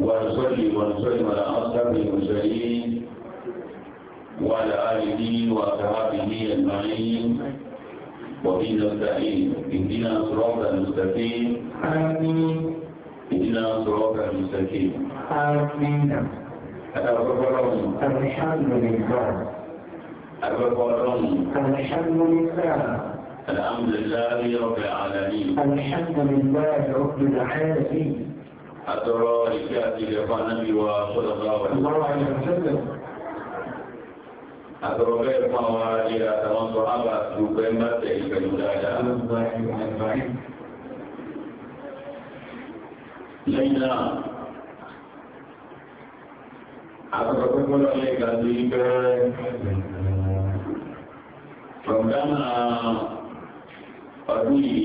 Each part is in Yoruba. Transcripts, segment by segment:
ونصلي ونسلم على أصحاب المرسلين وعلى آله وأصحابه أجمعين وفي نستعين اهدنا صراط المستقيم آمين اهدنا صراط المستقيم آمين الحمد لله الحمد لله الحمد لله رب العالمين الحمد لله رب العالمين أدراك أتي لفنان وصدقاء أدراك الفواجع تمام صحابة جبين مرتي في المجاجة لينا أدراك كل اللي قديم فمدانا فرمي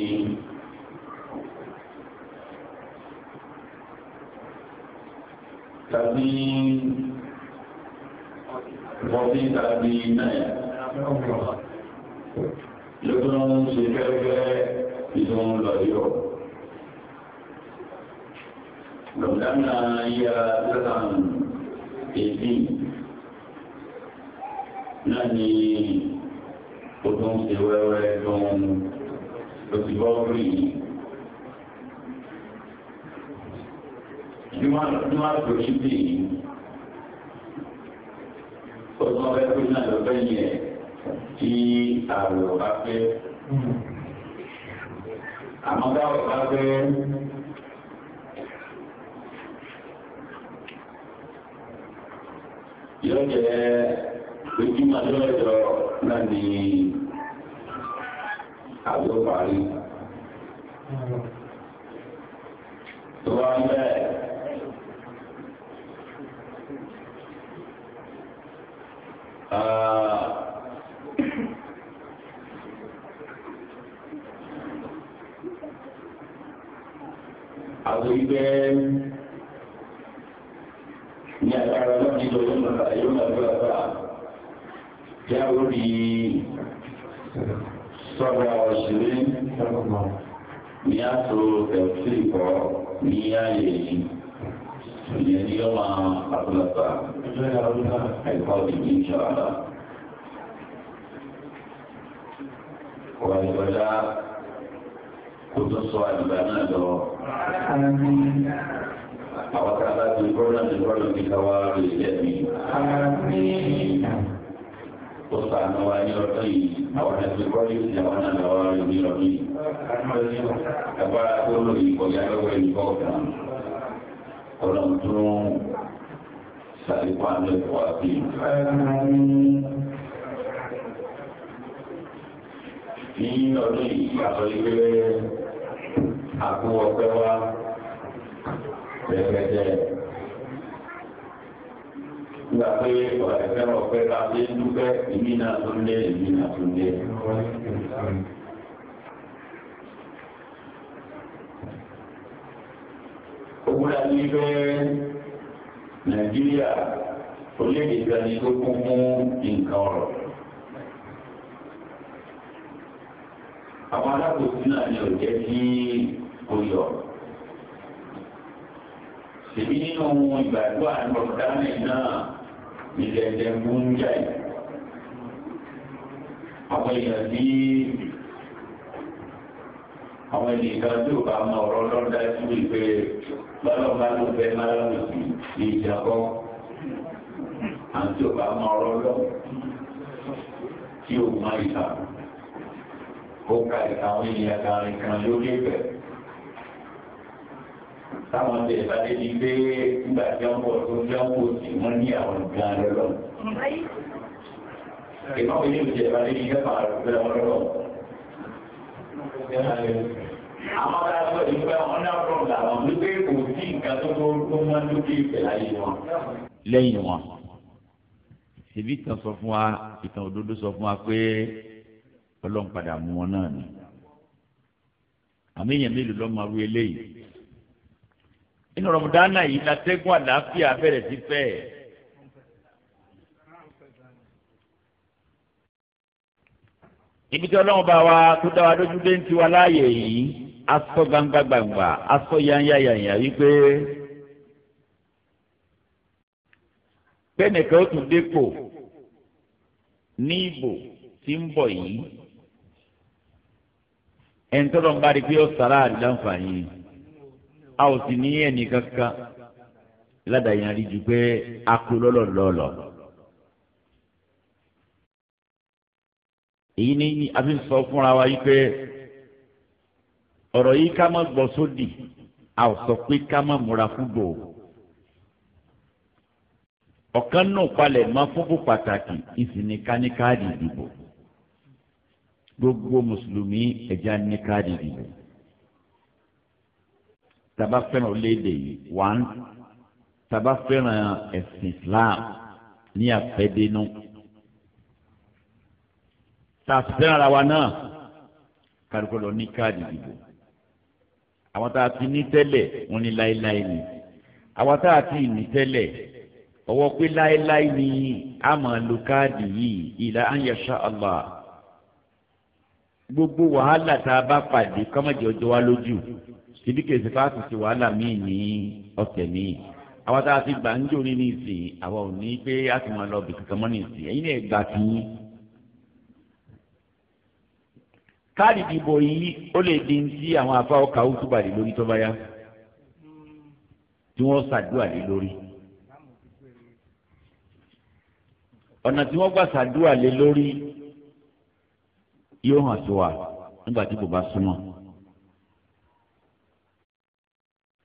tàbí fọ́tí tàbí náà lọ́tọ́ ń ṣe fẹ́fẹ́ ìdún lọ́yọ́ lọ́dánà yíya lọ́tàn èdè náà ni ó tún ṣe wẹ́wẹ́ tún lọ́sibọ́ọ̀rì yìí ni wọ́n á pè bí yìí. ó sọ fẹ́ pé náà ló fẹ́ yẹ tí àrùn ọba fẹ́. àmọ́ táwọn ọba fẹ́. yóò jẹ́ ojúmọ́ lọ́jọ́ náà ni àjọ tó bá ń bẹ́ yìí bẹ́ẹ̀ ní agbára lọ́dún ìlú yóò máa yóò máa gbé ọgbà yá orí sọ́dọ̀ òṣèré ní àtò ẹ̀sìn ìkọ́ ní ààyè yìí ìyẹn ní yóò máa àtúnlọ́gbà ẹ̀kọ́ ìdí ìṣọ̀rọ̀. Wàlúwàlá kó tó sọ àgbà náà lọ. àwọn tá a bá ti gbọ́ náà ti gbọ́ náà ti ká wá rí ilẹ̀ mi. ó sàánú wa ní ọdún yìí àwọn tá a ti gbọ́ yóò ti àwọn náà lọ wá ní ọdún yìí. agbára tó lórí ìkọjá lọ́wọ́ ìbọn kan ọlọ́run tó sàlékún àmì ẹ̀kọ́ àbí. ní ọdún yìí àtọ́ ìgbélé àpò ọ̀pẹ wa rẹpẹtẹ. Nígbà pé ọ̀rẹ́ fẹ́ràn ọ̀pẹ bá dé dúpẹ́ èmi náà tó lé èmi náà tó lé. Ogun àti ìfẹ́ Nàìjíríà orílẹ̀-èdè ìgbàlè tó kún fún nǹkan ọ̀rọ̀. Àwọn alákòóso náà ni ò jẹ́ kí lórí ọ̀rọ̀. Ṣèbí nínú ìgbàgbọ́ àlọ́dámẹ̀ náà nílẹ̀ ẹ̀dẹ̀gbọ́ ń jà yìí. Àwọn èèyàn bí àwọn ènìyàn kan tí ò bá mọ ọ̀rọ̀ lọ́dá sí ìgbé lọ́dọ̀ bá ló fẹ́ máa lọ́dọ̀ sí ìjà kọ́. Àǹtí ò bá mọ ọ̀rọ̀ lọ́dọ̀ tí ò máa ìta. Ó ka ìta àwọn ènìyàn kan lórí ìbẹ̀rẹ̀ táwọn ọdẹ ìbàdí ni pé nígbà tí wọn bọ tó tí wọn kò sí wọn ní àwọn nǹkan rẹ lọ. ìmọ̀ òye ìjẹ ìbàdí ni yẹ́pà rẹ̀ wọn lọ. àwọn ọ̀dà sọ ìgbà wọn náà rọ̀ làwọn wípé kò sí nǹkan tó tó tó wọn lókè ìfẹ̀lá yìí wọn. lẹ́yìn wọn ṣèbí kan sọ fún wa ìtàn òdodo sọ fún wa pé ọlọ́run padà mú wọn náà ni àmì èèyàn mélòó lọ́ọ́ máa eléyìí inú rọmọdánà yìí látẹ́gùn àlàáfíà bẹ̀rẹ̀ sí fẹ́ẹ̀. ibi tí ọlọ́run bá wa tó dá wa lójú dé ń tiwa láàyè yìí asọ gbangba gbangba asọ yanya yanya wípé pẹ́ẹ́nìkan ó tún dépò ní ìbò tí ń bọ̀ yìí ẹ̀ńtọ́rọ̀ ń bá rí pé ó sàrà àdìlànfààní a ò sì ní ẹnì kankan ládàá yẹn rí ju pé a kú lọ́lọ́lọ́lọ́. èyí ni a fi sọ fúnra wa yìí pé ọ̀rọ̀ yìí ká má gbọ́ sódì a ò sọ pé ká má múra fún bò ó. ọ̀kan náà palẹ̀ máa fúnfún pàtàkì ìsìnì ní káàdì ìdìbò gbogbo mùsùlùmí ẹ̀já ní káàdì ìdìbò tàbá fẹ́ràn orílẹ̀-èdè yìí one tàbá fẹ́ràn ẹ̀sìn Islam ní àfẹ́dénú tàbí fẹ́ràn ara wa náà kárìkọ́ lọ ní káàdì ìdìbò àwọn tá a ti ní tẹ́lẹ̀ wọ́n ní láéláé ni àwọn tá a ti ní tẹ́lẹ̀ ọwọ́ pé láéláé ni a máa lo káàdì yìí ìlà anyasha Allah gbogbo wàhálà tá a bá pàdé kọ́mọ̀jọ́jọ́ wa lójú ìdí kejì káàtì ti wàhálà míì ní ọ̀tẹ̀ míì àwọn tá a ti gbà ń jòrí ní ìsìn àwọn ò ní pé a ti máa lọ bìkì kan mọ́ ní ìsìn ẹ̀yin náà gbà tí. káàdì ìdìbò yìí ó lè di ní tí àwọn afá ọkà túbà lé lórí tó bá yá tí wọ́n ṣàdúrà lé lórí. ọ̀nà tí wọ́n gbà ṣàdúrà lé lórí yóò hàn sí wa nígbà tí kò bá súnmọ́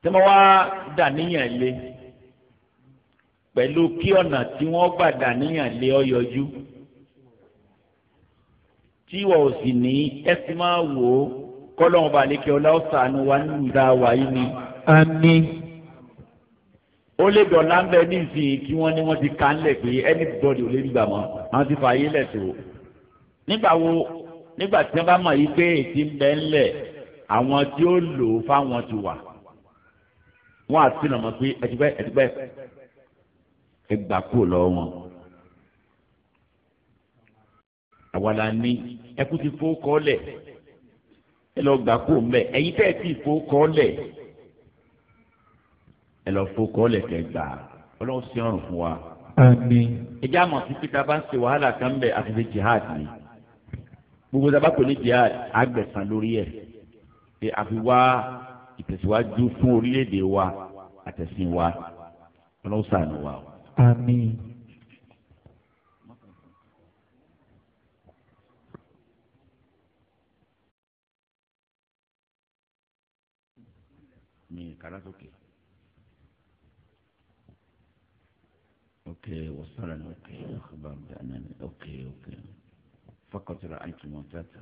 tí wọ́n wá dà níyàn lé pẹ̀lú kí ọ̀nà tí wọ́n gbà dà níyàn lé ọ yọjú tí wọ́n ò sì ní ẹ sì máa wò ó kọ́lọ́hún bá ní kí ọlá ó sànù wa nínú ìdá wa ni. àmín. ó lè dọ̀lá ń bẹ nísìnyí kí wọ́n ní wọ́n ti ka ńlẹ̀ pé anybody ò lè rí gbà mọ́ àwọn ti fà yé lẹ̀ nígbà wo nígbà tí wọ́n bá mọ̀ yí pé èsì ń bẹ ńlẹ̀ àwọn tí ó lò ó fáwọn ti wà wọn àti nàmọ pé ẹtùpẹ ẹtùpẹ ẹgbà kúrò lọ́wọ́ wọn. àwàlà ni ẹkú ti fowó kọ́ lẹ̀ ẹ lọ gbà kúrò mbẹ ẹ̀yin tẹ́ ẹ ti fowó kọ́ lẹ̀ ẹ lọ fowó kọ́ lẹ̀ kẹ́ gbà ọlọ́run sí ọrùn fún wa. àmín. ẹ jẹ́ àmọ̀ sí peter bá ń ṣe wàhálà kan bẹ̀ àti jihad ni gbogbo sábà kò ní jihad àgbẹ̀sán lórí ẹ̀ àfi wá ìtẹ̀síwájú fún orílẹ̀-èdè wa àtẹ̀sìn wa ọlọ́run ṣàánú wa. àmín. mi kàrà sókè. اوكي وصلنا اوكي اخبار بانني اوكي اوكي فقط رايت موتاتا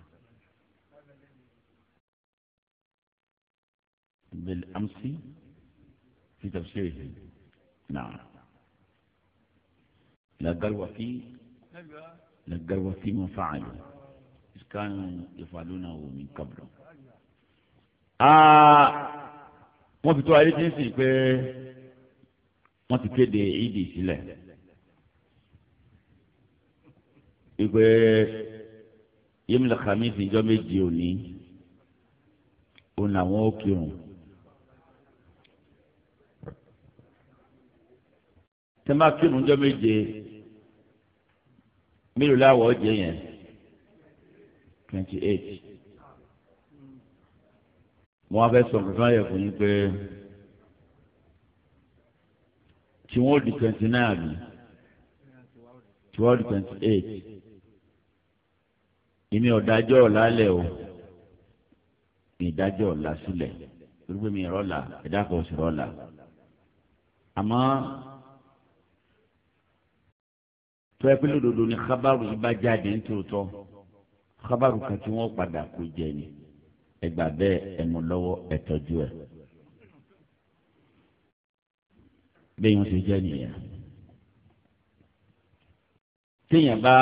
بالأمس في تفسيره نعم لا قلوة في لا قلوة فيما فعلوا إذ كانوا يفعلونه من قبل آه wọ́n fi tó ayé tí ń sìn pé wọ́n ti kéde ìdì sílẹ̀ ìpè yémi lọ́kàmí ìsìnjọ́ méjì òní òun làwọn ó kírun. tẹ́ máa kírun jọ méje mélòó láwọ̀ ọ̀jẹ̀ yẹn twenty eight mo wá fẹ́ sọ nǹkan yẹ fún yín pé tí wọ́n di twenty nine àbí tí wọ́n di twenty eight èmi ọ̀dájọ́ ọ̀la lẹ̀ o ìdájọ́ ọ̀la sílẹ̀ orúkọ mi ìrọ̀là ẹ̀dá kan sì rọ̀là àmọ́ tó yẹ pé lódodo ni kábàrù yìí bá jáde nítòótọ́ kábàrù kan tí wọ́n padà kó jẹ ni ẹgbà bẹ́ẹ̀ ẹmu lọ́wọ́ ẹ̀tọ́jú ẹ̀. bẹ́ẹ̀ wọ́n ṣe jẹ́ nìyẹn. téèyàn bá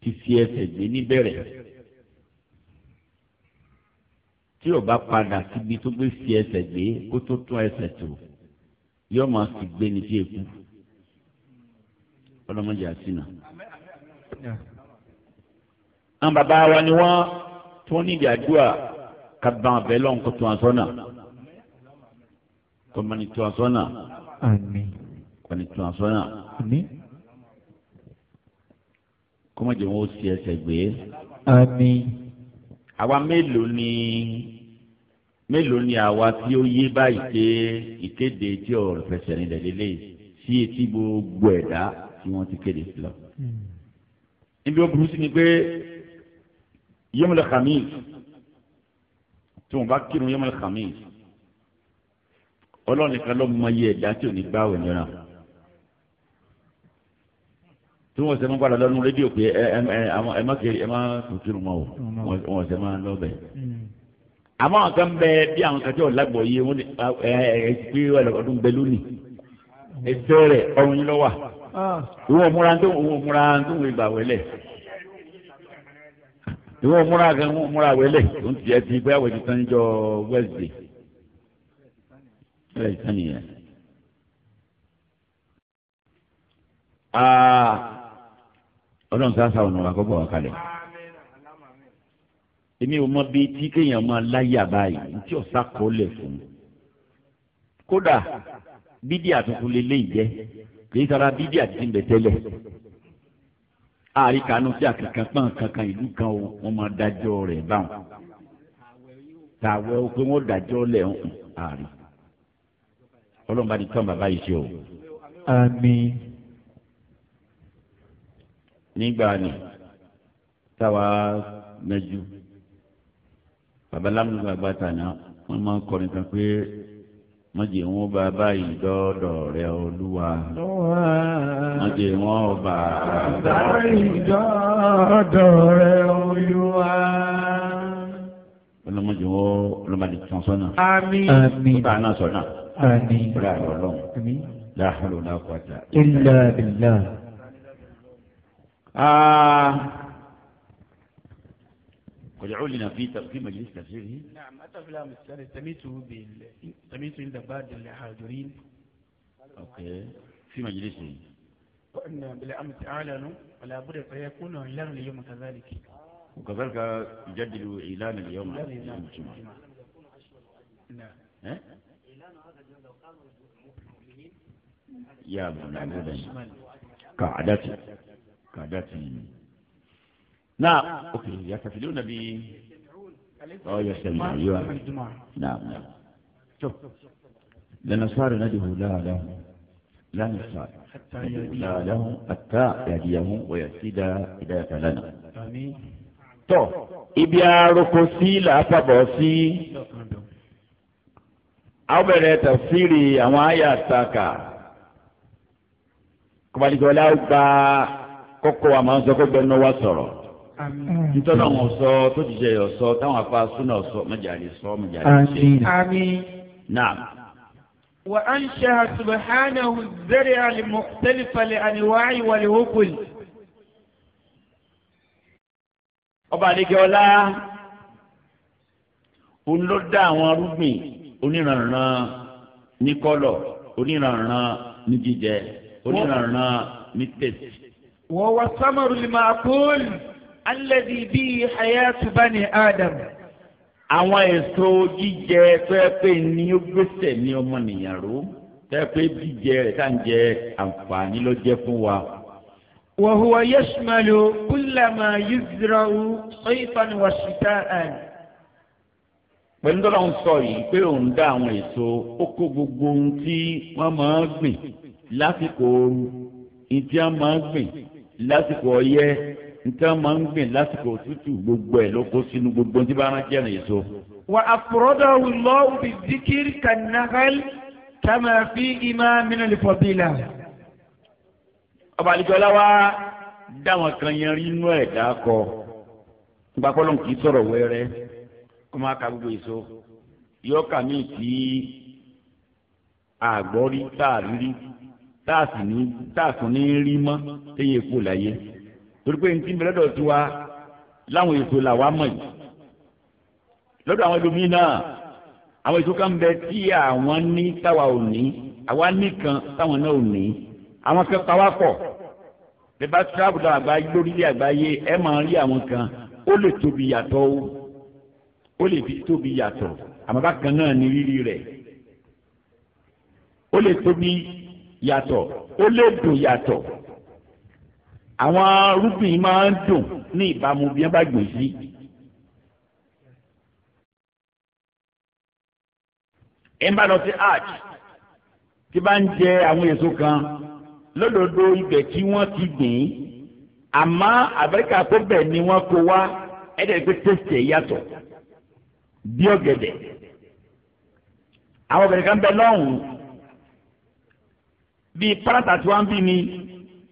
ti fi ẹsẹ̀ gbé níbẹ̀rẹ̀ tí ò bá padà síbi tó gbé fi ẹsẹ̀ gbé kó tó tún ẹsẹ̀ tó yóò máa sì gbé ní tí èkú ọlọ́mọdé àtinà. àwọn bàbá wa ni wọ́n tó ní ìdí àdúrà ká bá wọn bẹ́ẹ̀ lọ́nkọ́ tó wọn sọ́nà kọ́mọ́ni tó wọn sọ́nà kọ́mọ́ni tó wọn sọ́nà kọ́mọ́jọ wọn ó sì ẹsẹ̀ gbé. àwa mélòó ni mélòó ni àwa tí ó yé báyìí pé ìkéde tí ọ̀rọ̀ fẹsẹ̀ nílẹ̀ lélẹ́yìí sí etí gbogbo ẹ̀dá tí wọ́n ti kéde lọ. níbi ó burú sí ni pé yomul khamis tí wọ́n bá kírun yomul khamis ọlọ́run nìkan ló mọ iye ẹ̀dá tí ò ní gbá òun náà tí wọ́n ṣe máa padà lọ́nu rédíò pé ẹ má kiri ẹ má kiri mọ́ o wọ́n ṣe máa lọ bẹ̀. àmọ́ àwọn kan bẹ bí àwọn kan tí wọ́n lágbọ̀ yé wọ́n ẹ ẹ pé ọdún bẹ lónìí ẹsẹ̀ rẹ̀ ọrùn yín lọ́wọ́ ìwọ múra tó ìwọ múra tó ń gbà wẹlẹ ìwọ múra kan ń múra wẹlẹ tó ń tiẹ̀ ti bóyá wẹ̀ ti tán jọ wẹ́sìdè ẹ̀ tán nìyẹn. ọlọ́run sáásá ọ̀nà wa kọ́kọ́ wà kalẹ̀ èmi ò mọ bíi tí kéèyàn máa láyà báyìí tí ọ̀sá kọ́ lẹ̀ fún kódà bídíà tuntun lélẹ́yìí jẹ́ kì í sara bídíà ti ń bẹ tẹ́lẹ̀ àárí kanú sí àkàkàn pọ́n kankan ìlú kan o wọ́n máa dájọ́ rẹ̀ báwọn tàwẹ́ o pé wọ́n dájọ́ lẹ̀ ń hùn àárí ọlọ́run bá ní tán bàbá yìí ṣe o. àmín. nígbà ni táwa mẹ́jú babaláwo gbàgbà tàná wọ́n máa ń kọrin kan pé mọ̀jẹ̀ wọn bàbá yìí dọ́dọ̀ rẹ olúwa. mọ̀jẹ̀ wọn bàbá yìí dọ́dọ̀ rẹ olúwa. ọlọ́mọdé wọn ọlọ́mọdé tán sọ́nà. àmín. àmín. kó tà náà sọ́nà. àmín. kó dà lọ lọ́wọ́. àmín. láhùn lọ́wọ́ kọjá. ilà bìlà. قد في تقديم مجلس تفسيره نعم أتى في العام السنة يعني سميته بال... سميته عند بعض الحاضرين أوكي في مجلسه وأن بالأمس أعلنوا ولا بد فيكون إعلان اليوم كذلك وكذلك يجدد إعلان اليوم إعلان اليوم الجمعة نعم إعلان هذا اليوم لو كانوا مؤمنين يا ابن الله كعادتي كعادتي نعم اوكي يحتفلون ب اه يستمعون نعم نعم شوف لنصار نده لا له لا نصار لا له حتى يهديه ويهتدى هداية لنا آمين tó ibi aroko sí làápàbọ̀ sí àwọ̀bẹ̀rẹ̀ tafsiri àwọn àyà àtàkà kọ́balìkọ́lá gba kókó àmọ́ sọ́kọ́ gbẹ́nu wa sọ̀rọ̀. nítorí àwọn ọ̀sọ́ tó ti jẹ́ ọ̀sọ́ táwọn afa súnà ọ̀sọ́ sọ mẹ́jàlè ṣe. àmín. naam. wà á ń ṣe àtúbọ̀hánà zẹ́rẹ̀ àlùmọ̀ tẹ́lifàlẹ̀ wàlẹ̀ hókòlì. ọba àdékè ọlá òun ló dá àwọn arúgbìn oníranran ní kọ́lọ̀ ní jíjẹ ní wọ́n alladhi bihi hayatu bani adam àwọn èso jíjẹ pẹ́ẹ́pẹ́ ní ó gbèsè ní ọmọnìyàn ró pẹ́ẹ́pẹ́ jíjẹ rẹ̀ tá à ń jẹ àǹfààní ló jẹ́ fún wa. wa huwa yashmalu kullama yuzra'u sayfan wa shita'an. pẹ̀lú tó lọ́n sọ yìí pé òun dá àwọn èso ó gbogbo ohun tí wọ́n máa gbìn lásìkò ooru ìdí á máa gbìn lásìkò ọyẹ́ nǹkan máa ń gbìn lásìkò òtútù gbogbo ẹ̀ ló kó sínú gbogbo tí bá rán jẹ́ rìn èso. wà á fọ̀rọ̀dọ̀ lọ òbí zikiri kanahal kama fi ima minali fọbila. ọba àlejòlá wa dáwọn kan yẹn rí inú ẹ̀ dá kọ kì í sọ̀rọ̀ wẹ́rẹ́ kó máa ka gbogbo èso yọ ká mi kì àgbọ̀rí tá a rírí tá a sì ní tá a sùn ní rí mọ́ téye kú láyé torí pé ntí mẹlẹ́dọ̀ tiwa láwọn èso là wá mọ̀ yìí lọ́dọ̀ àwọn ẹlòmíì náà àwọn èso kan bẹ tí àwọn ní táwa ò ní àwa nìkan táwọn náà ò ní àwọn kan pa wá pọ̀ bẹ́ẹ̀ bá tíráàbù lọ àgbáyé lórílẹ̀ àgbáyé ẹ máa rí àwọn kan ó lè tóbi yàtọ̀ o ó lè fi tóbi yàtọ̀ àmọ́ bákan náà ní rírí rẹ̀ ó lè tóbi yàtọ̀ ó lè dùn yàtọ̀ àwọn arúgbìn máa ń dùn ní ìbámu bí wọ́n bá gbìn sí. ẹ bá lọ sí arch tí bá ń jẹ àwọn èso kan lódodo ibẹ̀ tí wọ́n ti gbìn àmọ́ àbẹ́ríkà tó bẹ̀ ni wọ́n kó wá ẹ̀dẹ̀ pé tẹ̀sí ẹ̀ yàtọ̀ bí ọ̀gẹ̀dẹ̀ àwọn ọ̀gẹ̀dẹ̀ kan bẹ lọ́hùn bíi pátá tí wọ́n ń bí ni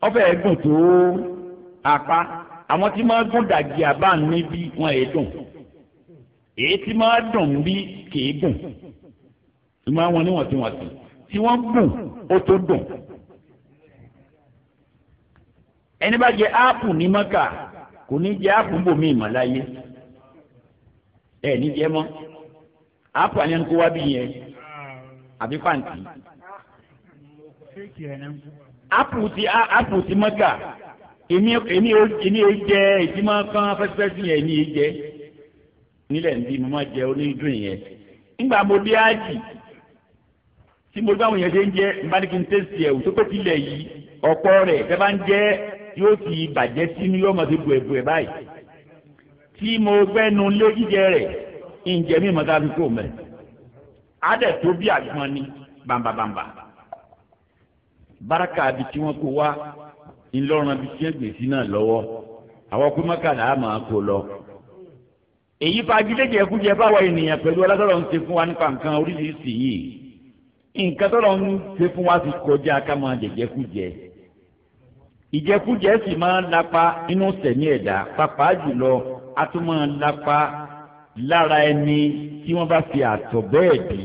ọfẹ ẹgùn tó apá àwọn tí máa gùn dàgì àbá níbí wọn èé dùn èyí tí máa dùn bí kìí gùn ìmọ̀ àwọn níwọ̀ntúnwọ̀ntún tí wọ́n gùn ó tó dùn ẹni bá jẹ áàpù ní mọ́kà kò ní jẹ áàpù bòmí ìmọ̀láyé ẹ ní jẹ mọ́ áàpù àyànkó wá bí yẹn àbí pàǹtí apu a apu ti mọ́gà èmi èmi èmi ò jẹ ìdímọ̀ kan fẹ́sifẹ́sì yẹn èmi ò jẹ nílẹ̀ ń bí mo máa jẹ onídùn yẹn nígbà mo dé ájì tí mo bá àwọn yẹn ṣe ń jẹ nígbà tí kì í tẹ̀sí ẹ̀ tó pé tilẹ̀ yìí ọ̀pọ̀ rẹ̀ tẹ́ bá ń jẹ yóò ti bàjẹ́ sínú yóò máa ti bù ẹ̀bù ẹ̀ báyìí tí mo gbẹ́nu lé jíjẹ rẹ̀ ǹjẹ́ mi mọ̀ sáfi kò mẹ́ adẹ̀ tó bí àgbọn ni bàǹbàǹbà. Baraka àbí tí wọ́n kó wá ńlọrọrùn àbí tí wọ́n gbè náà lọ́wọ́ àwọn pé mọ́kànlá á máa kó lọ. èyí fagídéjì ẹkújẹ báwa ènìyàn pẹ̀lú ọlọ́dọ̀rọ̀ ń ṣe fún wa nípa nǹkan oríṣiríṣi yìí nǹkan tọ́lọ̀ ń ṣe fún wa ti kọjá ká máa jẹ̀jẹ̀kújẹ ìjẹkújẹ sì máa ń lapa inú sẹ̀mí ẹ̀dá pàápàá jùlọ a tún máa ń lapa lára ẹni tí wọ́n bá fi àtọ̀ bẹ́ẹ̀ dì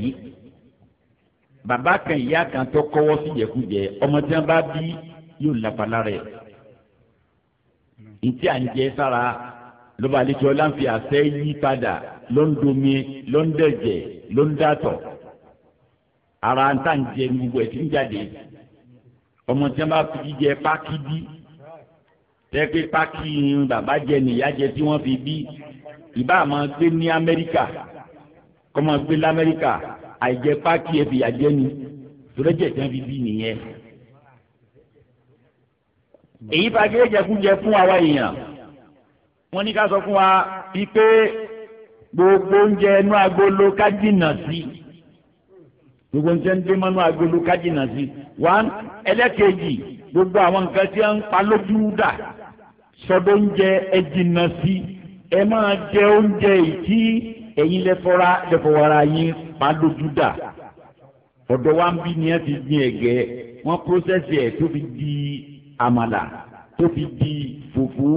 bàbá kan ìyá kan tó kọ́wọ́ sí jẹkújẹ ọmọ tí wọ́n bá bí yóò lápá lára ẹ̀ ìtí à ń jẹ sára lọ́ba àlejò ọláǹfì àṣẹ yí padà ló ń domi ló ń dẹ̀jẹ̀ ló ń dàtọ̀ ara ń tà ń jẹ gbogbo ẹ̀ jáde ọmọ tí wọ́n bá fi jíjẹ pákí bí tẹ́pẹ́ pákí bàbá jẹ nìyá jẹ tí wọ́n fi bí ìbá máa gbé ní Amẹ́ríkà kọ́ gbé l'Amẹ́ríkà àìjẹ páàkì ẹ̀ fìyà jẹ́ ni tòlẹ́jẹ̀ tán fi bí nìyẹn. èyí páàkì ẹ̀ jẹkújẹ fún àwa èèyàn wọ́n ní ká sọ fún wa bíi pé gbogbo oúnjẹ inú agolo ká jìnnà sí gbogbo oúnjẹ ń dé mọ́nú agolo ká jìnnà sí one ẹlẹ́kẹ̀jì gbogbo àwọn nǹkan tí wọ́n ń pa lójú dà sọdọ̀ oúnjẹ ẹ sí ẹ máa jẹ oúnjẹ yìí ẹ̀yin lẹ́fọ́ra lẹ́fọ̀wara yín pàdójú dà ọ̀dọ̀ wa ń bí ni ẹ ti gbin ẹ̀gẹ́ wọ́n pọ́sẹ̀sì ẹ̀ tó fi di àmàlà tó fi di fùfú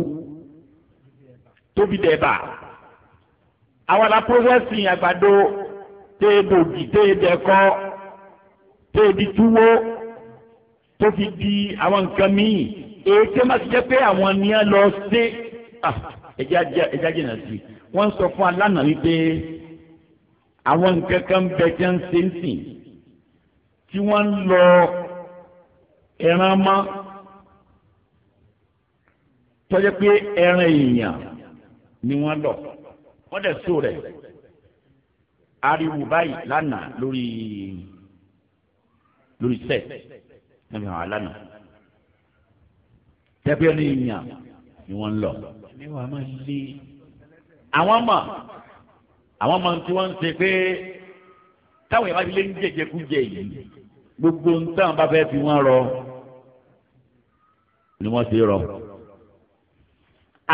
tó fi dẹ̀bà àwọn la pọ́sẹ̀sì àgbàdo tẹ́ bògì tẹ́ dẹ̀kọ́ tẹ́ di túwó tó fi di àwọn nǹkan míì èyí tẹ́ máa ti jẹ́ pé àwọn ni ẹ lọ sí ah, ẹ̀já jìnnà sí i wọ́n sọ fún alánà wípé àwọn nǹkan kan ń bẹ jẹ́ ń ṣe ń sìn tí wọ́n ń lọ ẹran mọ́ tọ́jẹ́ pé ẹran èèyàn ni wọ́n lọ wọ́n dẹ̀ sọ rẹ̀ ariwo báyìí lánàá lórí lórí sẹ́ẹ̀ níbi àwọn alánàá tẹ́pẹ́ ní èèyàn ni wọ́n lọ àwọn mọ̀ àwọn mọ̀ tí wọ́n ń ṣe pé táwọn yàrá ilé ń jẹjẹkújẹ yìí gbogbo ń tàn bá fẹ́ fi wọ́n rọ ni wọ́n ti rọ.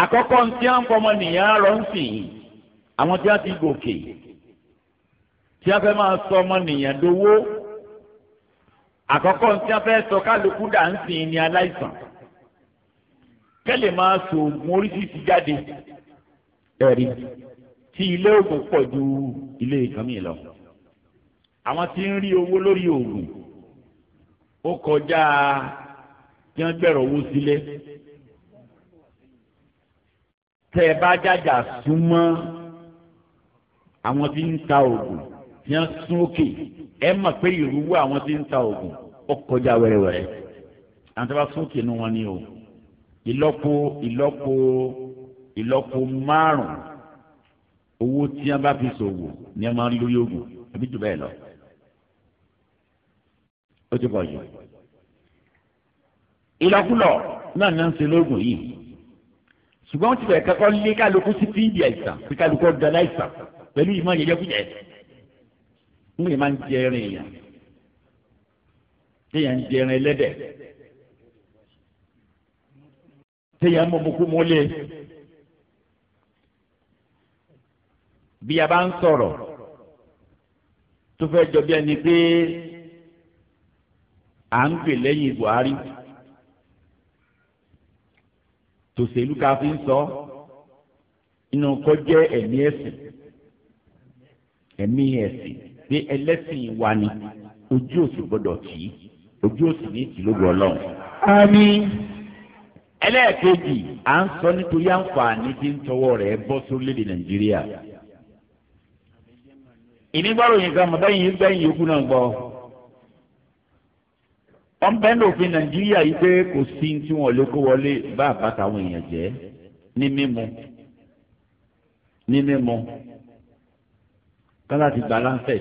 àkọ́kọ́ tí wọ́n ń fọmọ nìyẹn rọ ń sìn àwọn tí wọ́n ti gòkè tí wọ́n fẹ́ máa sọ ọmọ nìyẹn dowó àkọ́kọ́ tí wọ́n fẹ́ sọ kálukú dà ń sìn ni aláìsàn kẹ́lẹ̀ máa sọ oògùn oríṣiríṣi jáde ẹ̀rí tí ilé oògùn pọ̀ ju ilé ìkànnì lọ àwọn tí ń rí owó lórí oògùn ó kọjá tí wọ́n gbẹ̀rọ owó sílé tẹ́ ẹ bá jàjà súnmọ́ àwọn tí ń ta oògùn tí wọ́n sún òkè ẹ mọ̀ pé ìrúwọ́ àwọn tí ń ta oògùn ó kọjá wẹ́rẹ́wẹ́rẹ́ àwọn tí wọ́n sún òkè nu wọn ni o ìlọ́po ìlọ́po ìlọ́po márùn owó tí wọ́n bá fi ṣòwò ni wọ́n máa ń lórí oògùn àbí jù bẹ́ẹ̀ lọ ó ti pọ̀ jù ìlọ́kulọ̀ náà ní wọ́n ń ṣe lóògùn yìí ṣùgbọ́n tí bẹ̀rẹ̀ kẹ́kọ̀ọ́ lé kálukú sí fíìdì àìsàn pé kálukú ọ̀dà láìsàn pẹ̀lú ìmọ̀ yẹyẹ kújẹ́ ń lè máa ń jẹ ẹran èèyàn téèyàn ń jẹ ẹran ẹlẹ́dẹ̀ téèyàn mọ̀ mọ́kú mọ́lé bí a bá ń sọ̀rọ̀ tó fẹ́ jọ bí ẹni pé à ń gbè lẹ́yìn Buhari tòṣèlú ká fi ń sọ inú kọ́ jẹ́ ẹ̀mí ẹ̀sìn ẹ̀mí ẹ̀sìn pé ẹlẹ́sìn wa ni ojú òsì gbọ́dọ̀ tì í ojú òsì ní ìlógo Ọlọ́run. àmín. ẹlẹ́ẹ̀kejì à ń sọ nítorí àǹfààní tí ń tọwọ́ rẹ̀ bọ́ sórílẹ̀-èdè Nàìjíríà. Yeah ìnígbàròyìn kan mọ̀tẹ́yìn yìí gbẹ̀yìn yòókù náà gbọ́ wọ́n bẹ́ẹ̀ ní òfin nàìjíríà yìí pé kò sí tí wọ́n lè kó wọlé bá àbáta àwọn èèyàn jẹ́ ní mímu ní mímu kọ́lá ti gbà láǹfẹ̀.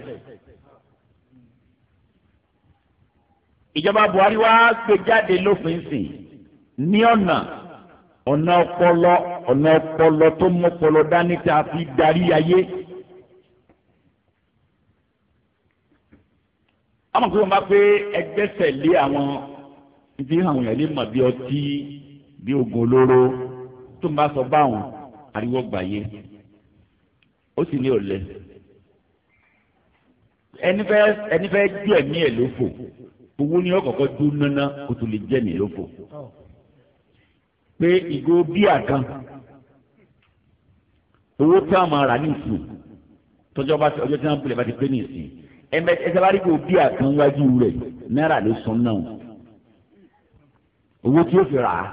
ìjọba buhari wá gbé jáde lófin sìn ní ọ̀nà ọ̀nà ọpọlọ ọ̀nà ọpọlọ tó mọ́pọlọ dání tá a fi darí ayé. àmọ́ pé wọ́n bá pé ẹgbẹ́sẹ̀ lé àwọn ibi àwọn èèyàn lè mọ̀ bí ọtí bí oògùn olóró tó ń bá sọ báwọn ariwo gbàyè ó sì ní òlẹ̀ ẹni fẹ́ ẹni fẹ́ jù ẹ̀mí ẹ̀ lófò owó ni ó kọ́kọ́ dún náná kó tó lè jẹ́ mi lófò pé ìgò bíà kan owó tí a máa rà ní ìsìn tọ́jọ́ bá ọjọ́ tí wọ́n ń bá ti pé ní ìsìn ẹsẹ̀ bá rí kò bí àkàn wájú rẹ̀ náírà ló sọ náà owó tí ó fi rà á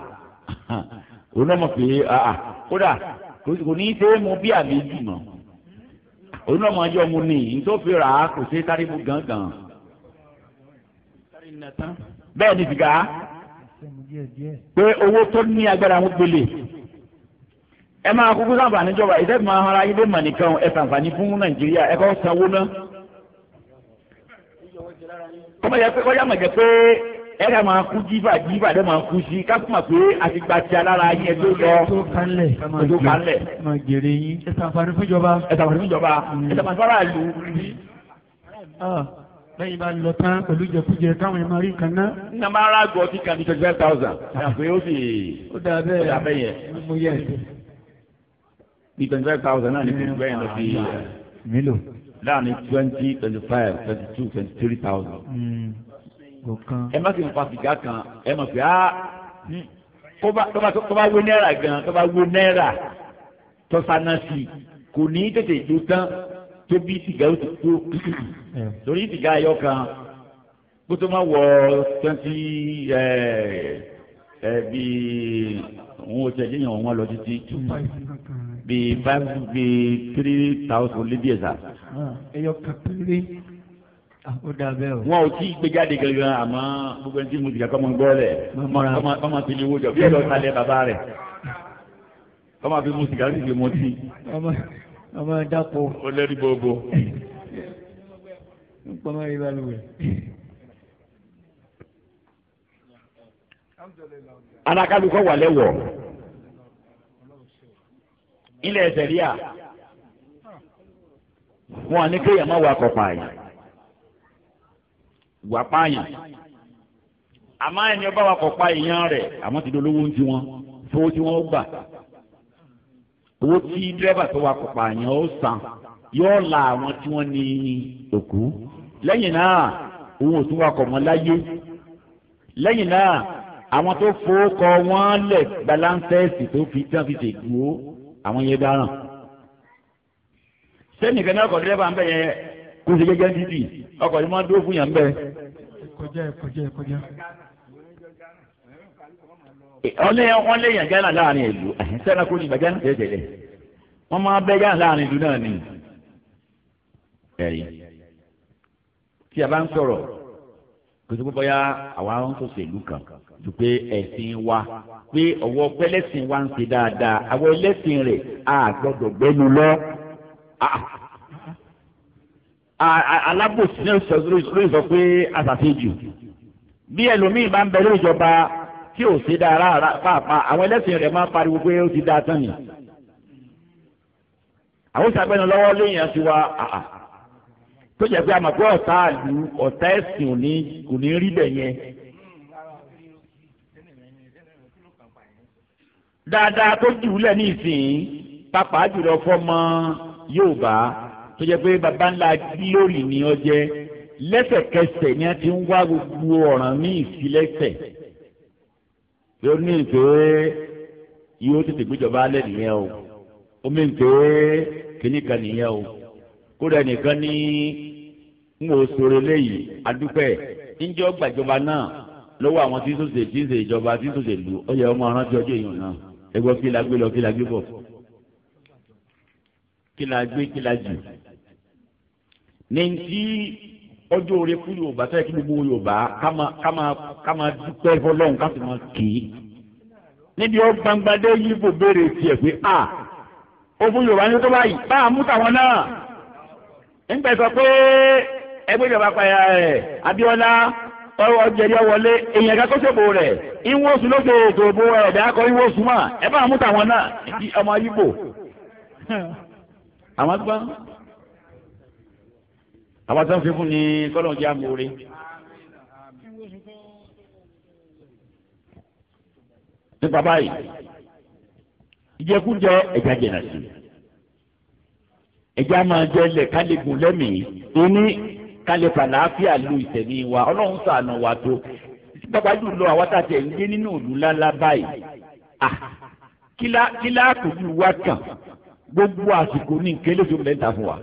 òun náà mọ̀ pé kódà kò ní í ṣe é mu bí àmì jù òun náà mọ̀ ọjọ́ mu ní ní tó fi rà á kò ṣe é sáré mu gángan. bẹ́ẹ̀ ni sìgá pé owó tó ní agbára wọn gbélé ẹ máa kúkú sáǹfààní jọba ìṣẹ́gun máa ń hara ayé dé mọ̀ fún Nàìjíríà ẹ kọ́ sanwó náà kọ́mọ yẹ pé kọ́yà mọ̀ jẹ́ pé ẹ kà máa kú jífà jífà dẹ́ máa kú sí ká mọ̀ pé àti gba ti alára yẹn tó lọ tó kalẹ̀ tó kalẹ̀. ẹ ṣàǹfààní fúnjọba ẹ ṣàǹfààní fúnjọba ẹ ṣàǹfààní fúnra mm. lu. Ah, lẹ́yìn bá lọ tán pẹ̀lú jẹkújẹ káwọn ẹ̀ máa rí nǹkan náà. nínú àwọn ará àgọ́ ti kàn ní twenty five thousand. Ah. àpè ó sì ó dà bẹ́ẹ̀ yẹn. mo yẹ ẹ̀ bí twenty five thousand náà ní kí n lọ sí. mélòó láàrin twenty twenty five twenty two twenty three thousand. Hmm. ẹ má sì ń fa sìgá kan ẹ mọ̀ pé ah, á tó bá wé náírà gan tó bá wé náírà tó sáná sí i kò ní tètè jó tán tó bí sìgá ó ti tó torí sìgá ayọ́ kan bó tó máa wọ twenty ẹ ẹ bíi òun ò tẹ̀lé yàn wọn lọ títí two five bíi five bíi three thousand libya sa. Ah, ẹyọ kakiri ah, ó dà bẹ́ẹ̀ o. wọn ò tí ì gbé jáde gangan àmọ́ gbogbo ẹni tí mo jìgà kọ́mọ gbọ́ rẹ̀ kọ́mọ fi lè wo jọ bí ẹ lọ sálẹ̀ bàbá rẹ̀ kọ́mọ fi mu sìgá sì fi mu tí. ọmọ ẹ dàpọ̀. ó lẹ́rìí gbogbo. ń pọ́nmọ́ rí balùwẹ̀. alákàlùkọ wà lẹ́wọ̀ ilẹ̀ sẹ̀ríà wọn ní kéèyàn má wà kọ̀ pààyàn wà pààyàn àmọ́ ẹni ọba wà kọ̀ pa èèyàn rẹ̀ àmọ́ ti dolówó ń tiwọn fowó tí wọ́n gbà owó tí dírẹ́bà tó wà kọ̀ pààyàn ó san yóò la àwọn tí wọ́n ní òkú lẹ́yìn náà òun ò tún wà kọ̀ mọ́ láyé lẹ́yìn náà àwọn tó fowó kọ wọ́n lẹ̀ gbaláńsẹ́ẹ̀sì tó fi tán fi ṣègbó àwọn yẹn dáràn sẹ́ni kan náà ọkọ̀ dírẹ́bà ń bẹ̀ yẹn kó ṣe gẹ́gẹ́ títì ọkọ̀ yìí máa dúró fún yàn ń bẹ̀. kọjá kọjá kọjá. ọlẹ́ wọn lé yàn gánà láàrin ìlú sẹ́ni kó ní ìbàjẹ́ náà tẹ̀lé wọ́n máa bẹ́ gánà láàrin ìlú náà ni. ẹ̀rí tí a bá ń sọ̀rọ̀ kò sí pé bóyá àwa ń sọ̀sẹ̀ ìlú kan kan ju pé ẹ̀sìn wa pé ọ̀wọ́ pẹ́lẹ́sìn wa ń ṣe dáadáa àwọn ẹlẹ́sìn rẹ̀ a gbọ́dọ̀ gbẹ́nu lọ. alábòsí náà lóyún sọ pé àṣàfin jù bí ẹlòmíín bá ń bẹ lórí ìjọba tí ò ṣe dáa rárá pàápàá àwọn ẹlẹ́sìn rẹ̀ máa ń pariwo pé ó ti dáa tán ni. àwọn ìṣàgbẹ́nu lọ́wọ́ lẹ́yìn àti wa tó jẹ́ pé àmọ̀ ọ̀tá àlù ọ̀tá ẹ̀sìn kò ní rí bẹ̀ yẹn. dáadáa tó jùlẹ̀ ní ìsìn pàápàá jùlọ fọmọ Yorùbá tó jẹ́ pé baba ńlá lórí ni ọ jẹ́ lẹ́sẹ̀kẹsẹ̀ ni a ti ń wá gbogbo ọ̀ràn ní ìfilẹ́sẹ̀ ló ní pé yóò tètè gbéjọba alẹ́ nìyẹn o ó mí pé kínní kan nìyẹn o kódà nìkan ní ń wò sóore léyìí adúpẹ́ níjọ́ gbàjọba náà lọ́wọ́ àwọn tí ń sòsè tí ń sè ìjọba tí ń sòsè lù ó ọmọ aránsẹ́ ọjọ́ èèyàn náà ẹgbẹ́ kí la gbé lọ kí la gbé bọ̀ kí la gbé kí la jù ní ti ọjọ́ orí fún yorùbá sẹ́yìn kí gbogbo yorùbá kama kama kama dúpẹ́ fọlọ́run ká sì máa kì í níbi ó gbangbadé yíbo béèrè tiẹ̀ pé a ó fún yorùbá ní tó báyìí bá a mú tàwọn náà ń pẹ̀ pé ẹgbẹ́ ìjọba pààyà rẹ̀ Abíọ́lá ọwọ́ jẹ̀rí ọwọlé èèyàn kan kó ṣèbò rẹ̀ ìwọ oṣù ló ṣe ètò òbò ẹ̀dá akọ ìwọ oṣù ẹ bá mú tàwọn náà di ọmọ yíbò àwọn gbọ́n àwọn tó ń fi fún ni kọ́lọ̀ jẹ́ amóore. nípa báyìí ìjẹkújẹ ẹja jẹnà sí ẹja máa jẹ lẹ kálígùn lẹ́mìí tó ní kálẹ̀ fàlàáfíà lu ìtẹ̀mí wa ọlọ́run ṣàánú wa tó bàbá jùlọ àwọn tá a tẹ̀ ń gbé nínú ìlú ńláńlá báyìí ah kílá àkójú wa kàn gbogbo àsìkò ní nǹkan lóṣù mẹ́ta fún wa.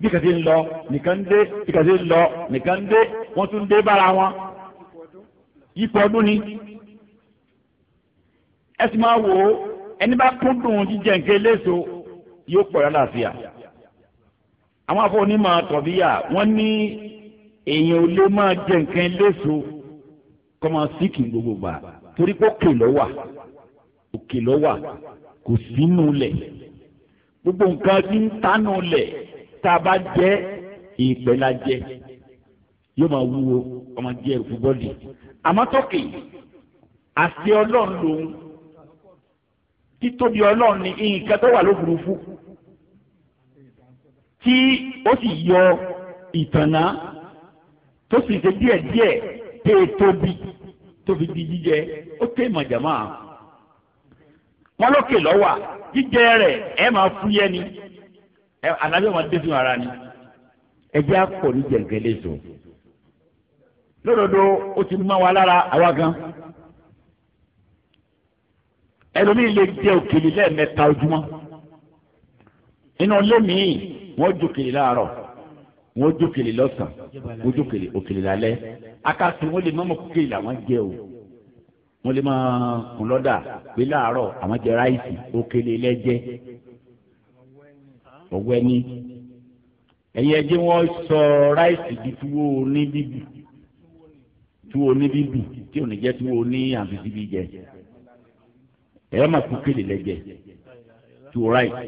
bí kàtí ń lọ nìkan ń dé bí kàtí ń lọ nìkan ń dé wọ́n tún dé bára wọn ipò ọdún ni ẹ sì máa wò ó ẹni bá kúndùn jíjẹ nǹkan eléso yóò pọ̀ yọ láàfíà àwọn afọ onímọ̀ tọ̀bíyà wọ́n ní èèyàn ò lè máa jẹ nǹkan léṣo kọ́ máa síkì gbogbo gbà torí pé òkè lọ́wà òkè lọ́wà kò sínú lẹ̀ gbogbo nǹkan tí ń tánú lẹ̀ tá a bá jẹ́ ìpẹ́ la jẹ yóò máa wúwo ọmọ jẹ ìfúbọ́dì àmọ́ tọ́kì àti ọlọ́run lòun títóbi ọlọ́run ní nǹkan tó wà lófurufú tí ó sì yọ ìtànná tó sì ṣe díẹ̀díẹ̀ pé e tóbi tó fi di jíjẹ ó ké mọ̀jàmá wọn lókè lọ́wà jíjẹ rẹ̀ ẹ máa fúyẹ́ ni àlàyé ọmọ dé fún ara ni ẹjẹ́ àpò ní jẹ̀ǹgẹ́lẹ́ zò lódodo ó ti mọ́ wa lára àwa gan ẹlòmíì lè jẹ òkèlè lẹ́ẹ̀mẹ́ta ojúmọ́ inú ilé mi-ín wọ́n jókèlè láàárọ̀ wọ́n jókèlè lọ́sàn wọ́n jókèlè òkèlè lálẹ́ akásí wọ́n lè mọ́mọ́ kókèlè làwọn jẹ́ o wọ́n lè máa kún lọ́dà pé láàárọ̀ àwọn jẹ ráìsì òkèlè lẹ́jẹ́ ọ̀wẹ́ ní ẹ̀yin ẹjẹ́ wọ́n sọ ráìsì di túwó ní bíbù túwó ní bíbù tí ò ní jẹ́ túwó ní àfisibí jẹ ẹ̀rọ máa kókèlè lẹ́jẹ́ túwó ráìsì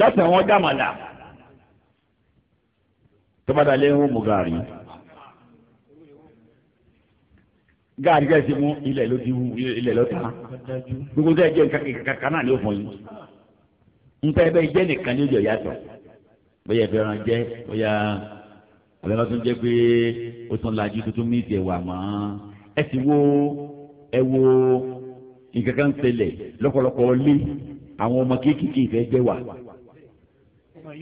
lọ́sàn-án wọn jàmàlà tó bá dalẹ̀ ń mú gàrí gàrí kẹ́sì mú ilẹ̀ ló ti wú ilẹ̀ ló ta gbogbo tẹ́ jẹ́ kankan náà ni ó fún yín nta ẹ bẹ jẹ́ nìkan ní ojú ọ̀yà tọ̀ bóyá ẹ fẹ́ràn jẹ́ bóyá àbẹ̀rẹ̀ tó jẹ́ pé ó tún lajú tuntun mí ìdè wà mọ́ ẹ ti wo ẹ wo nǹkan kan ṣẹlẹ̀ lọ́kọ̀lọ́kọ̀ lé àwọn ọmọ kéékèèké ìfẹ́ jẹ́ wà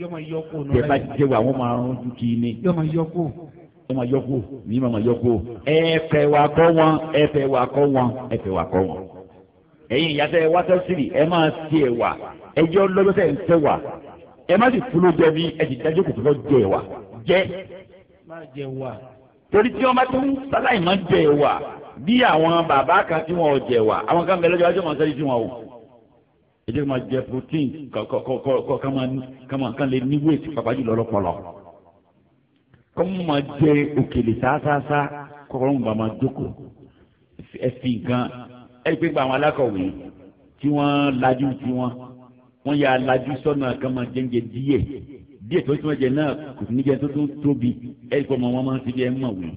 yọmọ yọkó nù. tẹ bá jẹ wa wọn máa ń dúkì ní. yọmọ yọkó. yọmọ yọkó ní mọ̀mọ́ yọkó. ẹ fẹ́ wa kọ́ wọn ẹ fẹ́ wa kọ́ wọn ẹ fẹ́ wa kọ́ wọn. ẹ̀yin ìyàtọ̀ ẹ wá sẹ́sìrì ẹ máa ti ẹ̀ wà ẹjọ́ lọ́dọ́sẹ̀ ń fẹ́ wà ẹ má sì fúló jẹ mi ẹ sì dájú kò tó lọ jẹ wà jẹ. torí tí wọn bá tún sáláì máa jẹ wà bí àwọn bàbá kan tí wọn ò jẹ wà àwọn kan bẹ lọ́jọ́ wájú wọn sẹ́ni tí wọn ò ẹ jẹ́ máa jẹ protein kọ́kọ́ lè ní wéètì pàápàá jùlọ lọ́pọ̀lọ́ kọ́ máa jẹ òkèlè sáásáásá kọ́kọ́ ló ń bá máa jókòó ẹ fi nǹkan ẹ pé gba àwọn alákọ̀wé tí wọ́n lajú tí wọ́n wọ́n yà lajú sọ́nà kan máa jẹ́ǹjẹ díẹ̀ díẹ̀ tó tún ẹ̀jẹ̀ náà kò ní jẹ́ tó tún tóbi ẹ kọ́ ọmọ wọn máa ń fi mọ̀ wí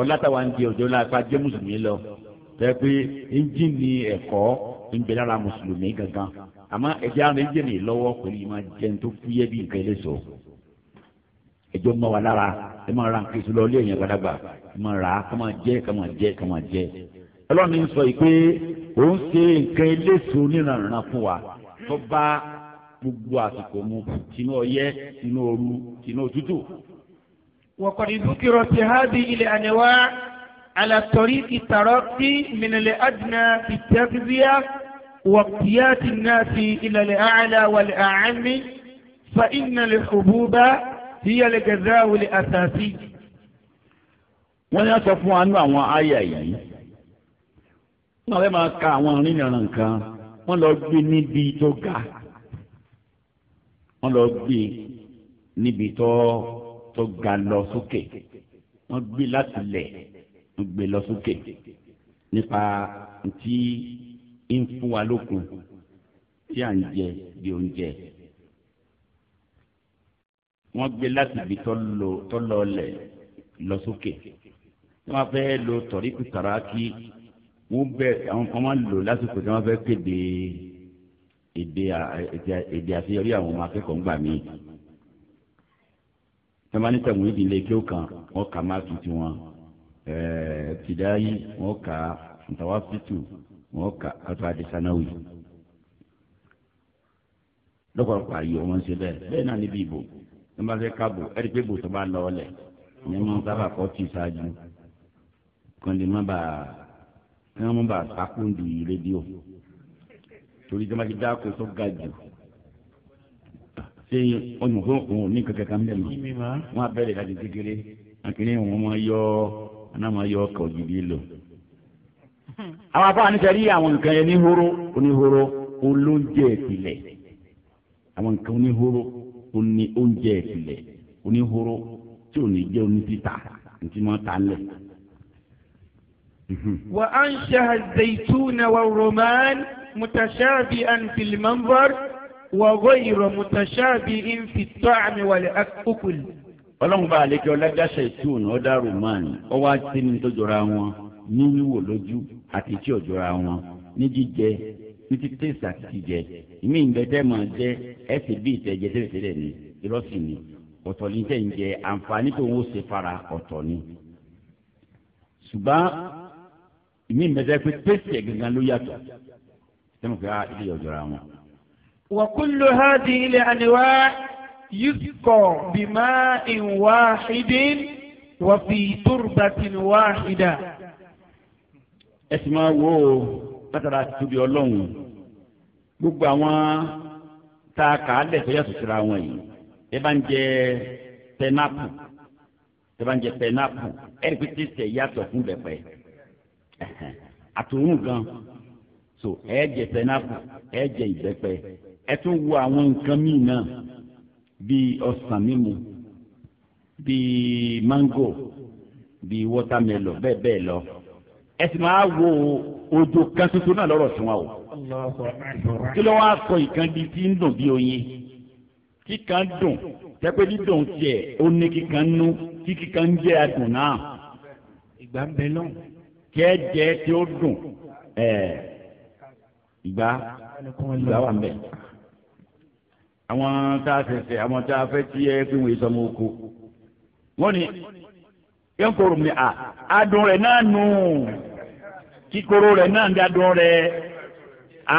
ọlátàwọn di ọjọ́ lápá jẹ́ mùsùlùmí lọ tẹ́ pé ẹ́ńjìnì ẹ̀kọ́ ń bẹ lára mùsùlùmí gangan àmọ́ ẹ̀jẹ̀ àrùn ẹ̀jẹ̀ mi lọ́wọ́ pẹ̀lú ìmọ̀ jẹun tó fúyẹ́ bí nǹkan ẹlẹ́sọ̀ ẹjọ́ mọ́ wa lára ẹ máa ra nǹkan ìṣúná ọlé ẹ̀yìn gbadagba ẹ máa rà á ká máa jẹ ká máa jẹ ká máa jẹ ọlọ́run ní sọ yìí pé òun ṣe nǹkan eléso nírànràn fún wa tó bá gbogbo àsìkò mu tinú ọyẹ́ tinú ooru tinú òtútù. wọ́n kọ́ni dúkìrọ̀ ti há على طريق ترقي من الأدنى في التغذية واقتيات الناس إلى الأعلى والأعم فإن الحبوب هي الغذاء الأساسي wọ́n yá sọ fún wa nú àwọn àyà yìí wọ́n fẹ́ máa ka àwọn arìnrìnàrìn nǹkan wọ́n lọ gbé níbi tó ga wọ́n lọ gbé níbi tó ga lọ sókè wọ́n gbé láti lẹ̀ gbé lọ sókè nípa tí ń fún wa lókun tí à ń jẹ bí oúnjẹ wọ́n gbé láti ibi tọ́lọ lẹ̀ lọ sókè tí wọ́n fẹ́ lo tọ̀ríkù tàràkì wọ́n bẹ àwọn kan máa ń lò lásìkò tí wọ́n fẹ́ kéde èdè àṣeyọrí àwọn ọmọ akẹ́kọ̀ọ́ ń gbà mí. tí wọ́n bá ní tẹ̀wọ̀n ìdílé kí ó kàn wọ́n kà máàkì tiwọn tìdáyì wọn kà á ntàwáfítù wọn kà kátó adésanáwì lọ́pọ̀lọpọ̀ àyè wọn ṣe bẹ́ẹ̀ bẹ́ẹ̀ náà níbi ìbò tó bá fẹ́ kábò ẹ̀rí pé ìbò tó bá lọ ọlẹ̀ ní mọ́ sábà kọ́ tì ṣáájú kan lè má bàa kí wọ́n má bàa sákúndù rédíò torí tó bá ti náà máa yọ ọkọ̀ òjìbí lò. àwọn afọ àníṣẹ́rí àwọn nǹkan yẹn níhóró oníhóró olóúnjẹ ìpìlẹ̀ àwọn nǹkan oníhóró oní oúnjẹ ìpìlẹ̀ oníhóró tí ò ní jẹ́ onítìta ntí máa ta lẹ̀. وأنشأ الزيتون والرمان متشابئا في المنظر وغير متشابه في الطعم والأكل ọlọ́run bá àlejò ọlájàṣẹ ìtún ọ̀dà romani ọwọ́ àti ní tó jọra wọn ní wíwò lójú àti tí ò jọra wọn ní jíjẹ ní ìmí máa jẹ bí ìtẹ̀jẹ ni ni ọ̀tọ̀ ní tẹ̀ ń jẹ àǹfààní tó ń wò ṣe fara ọ̀tọ̀ ni. ṣùgbọ́n ìmí pé ẹ̀ gangan ló يسقى بماء واحد وفي تربة واحدة اسمع وو látara tóbi ọlọ́run gbogbo àwọn tá a kà á lẹ̀ tó yàtọ̀ síra wọn yìí ẹ bá ń jẹ pẹnápù ẹ bá ń jẹ pẹnápù ẹ rí pété tẹ yàtọ̀ fún bẹ̀pẹ̀ àtòrún gan so ẹ jẹ pẹnápù ẹ jẹ ìbẹ́pẹ ẹ tún wo àwọn nǹkan míì náà bíi ọsàn mímu bíi mango bíi watermelon bẹ́ẹ̀ bẹ́ẹ̀ lọ ẹ sì máa wo odò kan tuntun náà lọ́rọ̀ tí wọn o kí ló wáá sọ ìkan di tí ń dùn bí oyin kíkan dùn tẹ́pẹ́ dídùn tiẹ̀ ó ní kíkan nú tí kíkan jẹ́ adùn náà. ìgbà ń bẹ lọ́hùn. jẹ́jẹ́ tí ó dùn ẹ̀ ìgbà ìgbà wà ń bẹ àwọn tá a ṣẹ̀ṣẹ̀ àwọn tá a fẹ́ tí ẹ fi wọn ìsọmọ oko wọn ni yẹn koro mi à adùn rẹ̀ náà nù kíkorò rẹ̀ náà ń da dùn rẹ̀ à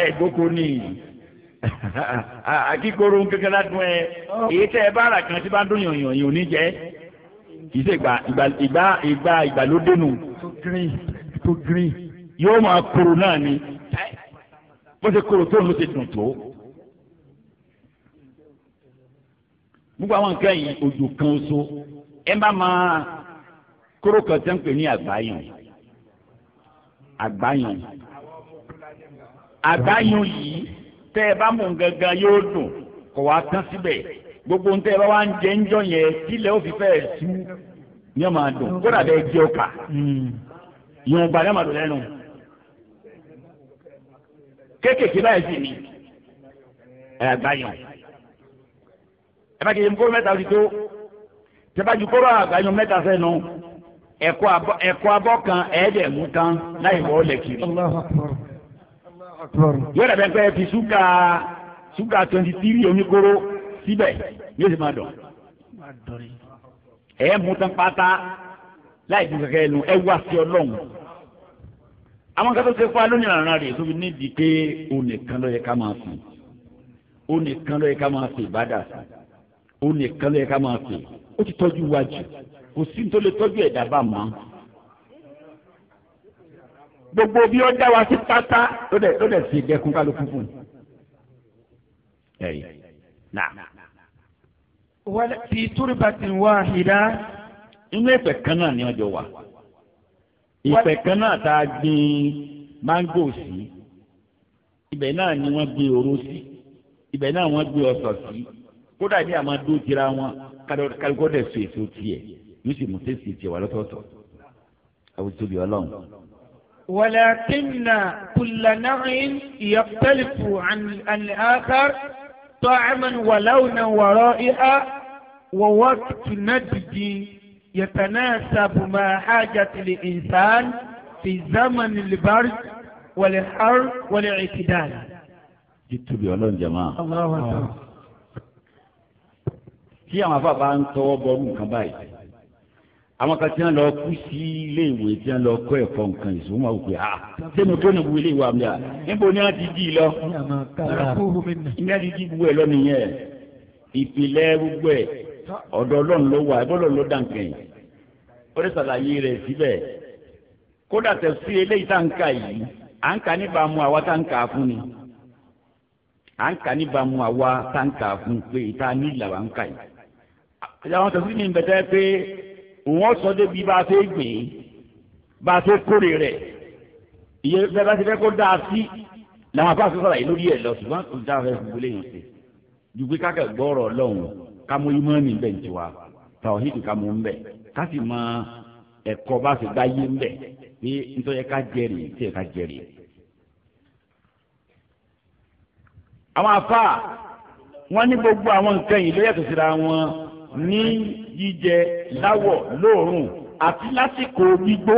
ẹ gbóko ni kíkorò kékeré adùn ẹ èyí tẹ ẹ bá ara kan tí bá ń dún yànyàn yàn ní jẹ kì í ṣe ìgbà ìgbà ìgbà ìgbàlódé nù. tó green. yóò máa koro náà ni bó ṣe koro tó ń lọ ṣe dùn tó. gbogbo àwọn nǹkan yìí ojú kan oṣù ẹ bá máa kóró kan tẹ́ ń pè ní àgbáyùn àgbáyùn àgbáyùn yìí tẹ́ ẹ bá mú gangan yóò dùn kò wá tán síbẹ̀ gbogbo ń tẹ́ ẹ bá wá ń jẹ ń jọ yẹn tílẹ̀ ó fi fẹ́ sú ni ó máa dùn kódà bẹ́ẹ̀ jẹ́ ọkà yòówù gbà ní ọmọdé lẹ́nu kéékèèké báyìí sì ni àgbáyùn ẹ bá ti yẹn kóró mẹ́ta ti tó tẹ́bá ju kóró àgbáyọ mẹ́ta sẹ́nu ẹ̀kọ́ abọ́ kan ẹ̀ẹ́dẹ̀mú kan láì wọ́ lẹ̀ kiri. yóò dàbẹ̀ pé fi ṣúgà ṣúgà twenty three oníkóró síbẹ̀ yóò sì máa dọ̀. ẹ̀ẹ́ mú tán pátá láì ju kẹ̀kẹ́ nu ẹ̀ wá sí ọlọ́run. àwọn kan tó ṣe fún alónìí ìrànlọ́rọ̀ rẹ̀ tó fi nídìí pé òun nìkan ló yẹ ká máa sùn òun nìkan ló yẹ ká máa sùn ìbádà sùn òun nìkan ló yẹ ká máa pè ó ti tọ́jú wa jù kò sí tó lè tọ́jú ẹ̀dá bá mọ́. gbogbo bí ó dá wa sí pátá ló dẹ̀ ló dẹ̀ sì dẹkùn kálukú fún un. ẹ̀yìn náà. wọ́n fi túrúbàtì wáhídà. inú ìpẹ̀ kan náà ni ọjọ́ wà ìpẹ̀ kan náà tá a gbin máńgò sí ibẹ̀ náà ni wọ́n gbin òró sí ibẹ̀ náà wọ́n gbin ọsàn sí kódà ní àmọ́ dó jira wọn kálukọ́ dẹ̀ so èso tiẹ̀ yóò sì mú tẹ́sí tiẹ̀ wà lọ́tọ̀ọ̀tọ̀ àwùjọ bí ọlọ́run. wàlàkínà kùlànàrin ìyàpẹ́lifù àlàáfàr tọ́àmán wàláwùnà wọ̀rọ̀ ìhà wọ̀wọ́ tùnádìdì yàtànáṣàbù máa hájàtìlì ìnsán fi zámanì libar wàlẹ̀ har wàlẹ̀ ìkìdá. jíjù bí ọlọ́run jẹ́ máa tí àwọn afa ń tọwọ́ bọrú nǹkan báyìí àwọn kan tí wọn lọ kú sí ilé ìwé tí wọn lọ kọ́ ẹ̀kọ́ nǹkan yìí sọ wọn pé ah sẹnu tó ní ilé ìwé àmì à níbo ni wọn ti dì í lọ ní wọn ti dì gbogbo ẹ lọ nìyẹn ìpìlẹ̀ gbogbo ẹ ọ̀dọ̀ Ọlọ́run ló wà ẹbọ Ọlọ́run ló dànkẹ́ yìí ó lè ṣàlàyé rẹ̀ síbẹ̀ kódà tẹ̀sí eléyìí tá n kà yìí à ń kà níbàámu àwa tá n kà á fún ni à ń kà níbàámu àwa tá n kà á fún pé ìta ní ìlà wa ń kà yìí ẹ̀yà wọn tẹ̀sí mi bẹ̀tẹ̀ pé wọ́n sọ débi bá a fẹ́ gbìn bá a fẹ́ kórè rẹ̀ iye bẹ́ẹ̀ bá ti fẹ́ kó dáa sí làwọn afá sọ́sọ́ra yìí lórí ẹ̀ lọ ṣùgbọ́n kò dáa fẹ́ fún gbólé yẹn ṣe ju pé kákẹ́ gbọ́rọ̀ ọlọ́run ká mú imọ́ ní bẹ́ẹ̀ ti wa tàwọn hídì ká mú bẹ́ẹ̀ ká mọ ẹ̀kọ́ bá fi gbáyé bẹ́ẹ̀ pé nítorí ká jẹ́rìí tí ẹ̀ ká jẹ́rìí. àwọn afá wọn ní gbogbo àwọn nǹkan yìí ní jíjẹ láwọ̀ lóòrùn àti lásìkò gbígbó